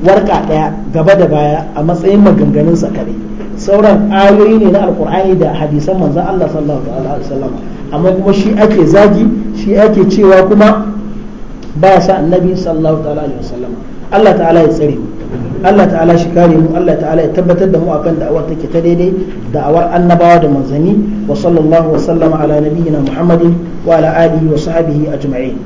[SPEAKER 1] warka ɗaya gaba da baya a matsayin maganganunsa kare sauran ayoyi ne na Alƙur'ani da hadisan manzan Allah sallallahu alaihi wasallam amma kuma shi ake zagi shi ake cewa kuma ba sa annabi sallallahu alaihi wasallam Allah ta'ala ya tsare mu Allah ta'ala shi kare mu Allah ta'ala ya tabbatar da mu akan da'awar take ta daidai da'awar annabawa da manzanni wa sallallahu wa sallama ala nabiyyina muhammadin wa ala alihi wa sahbihi ajma'in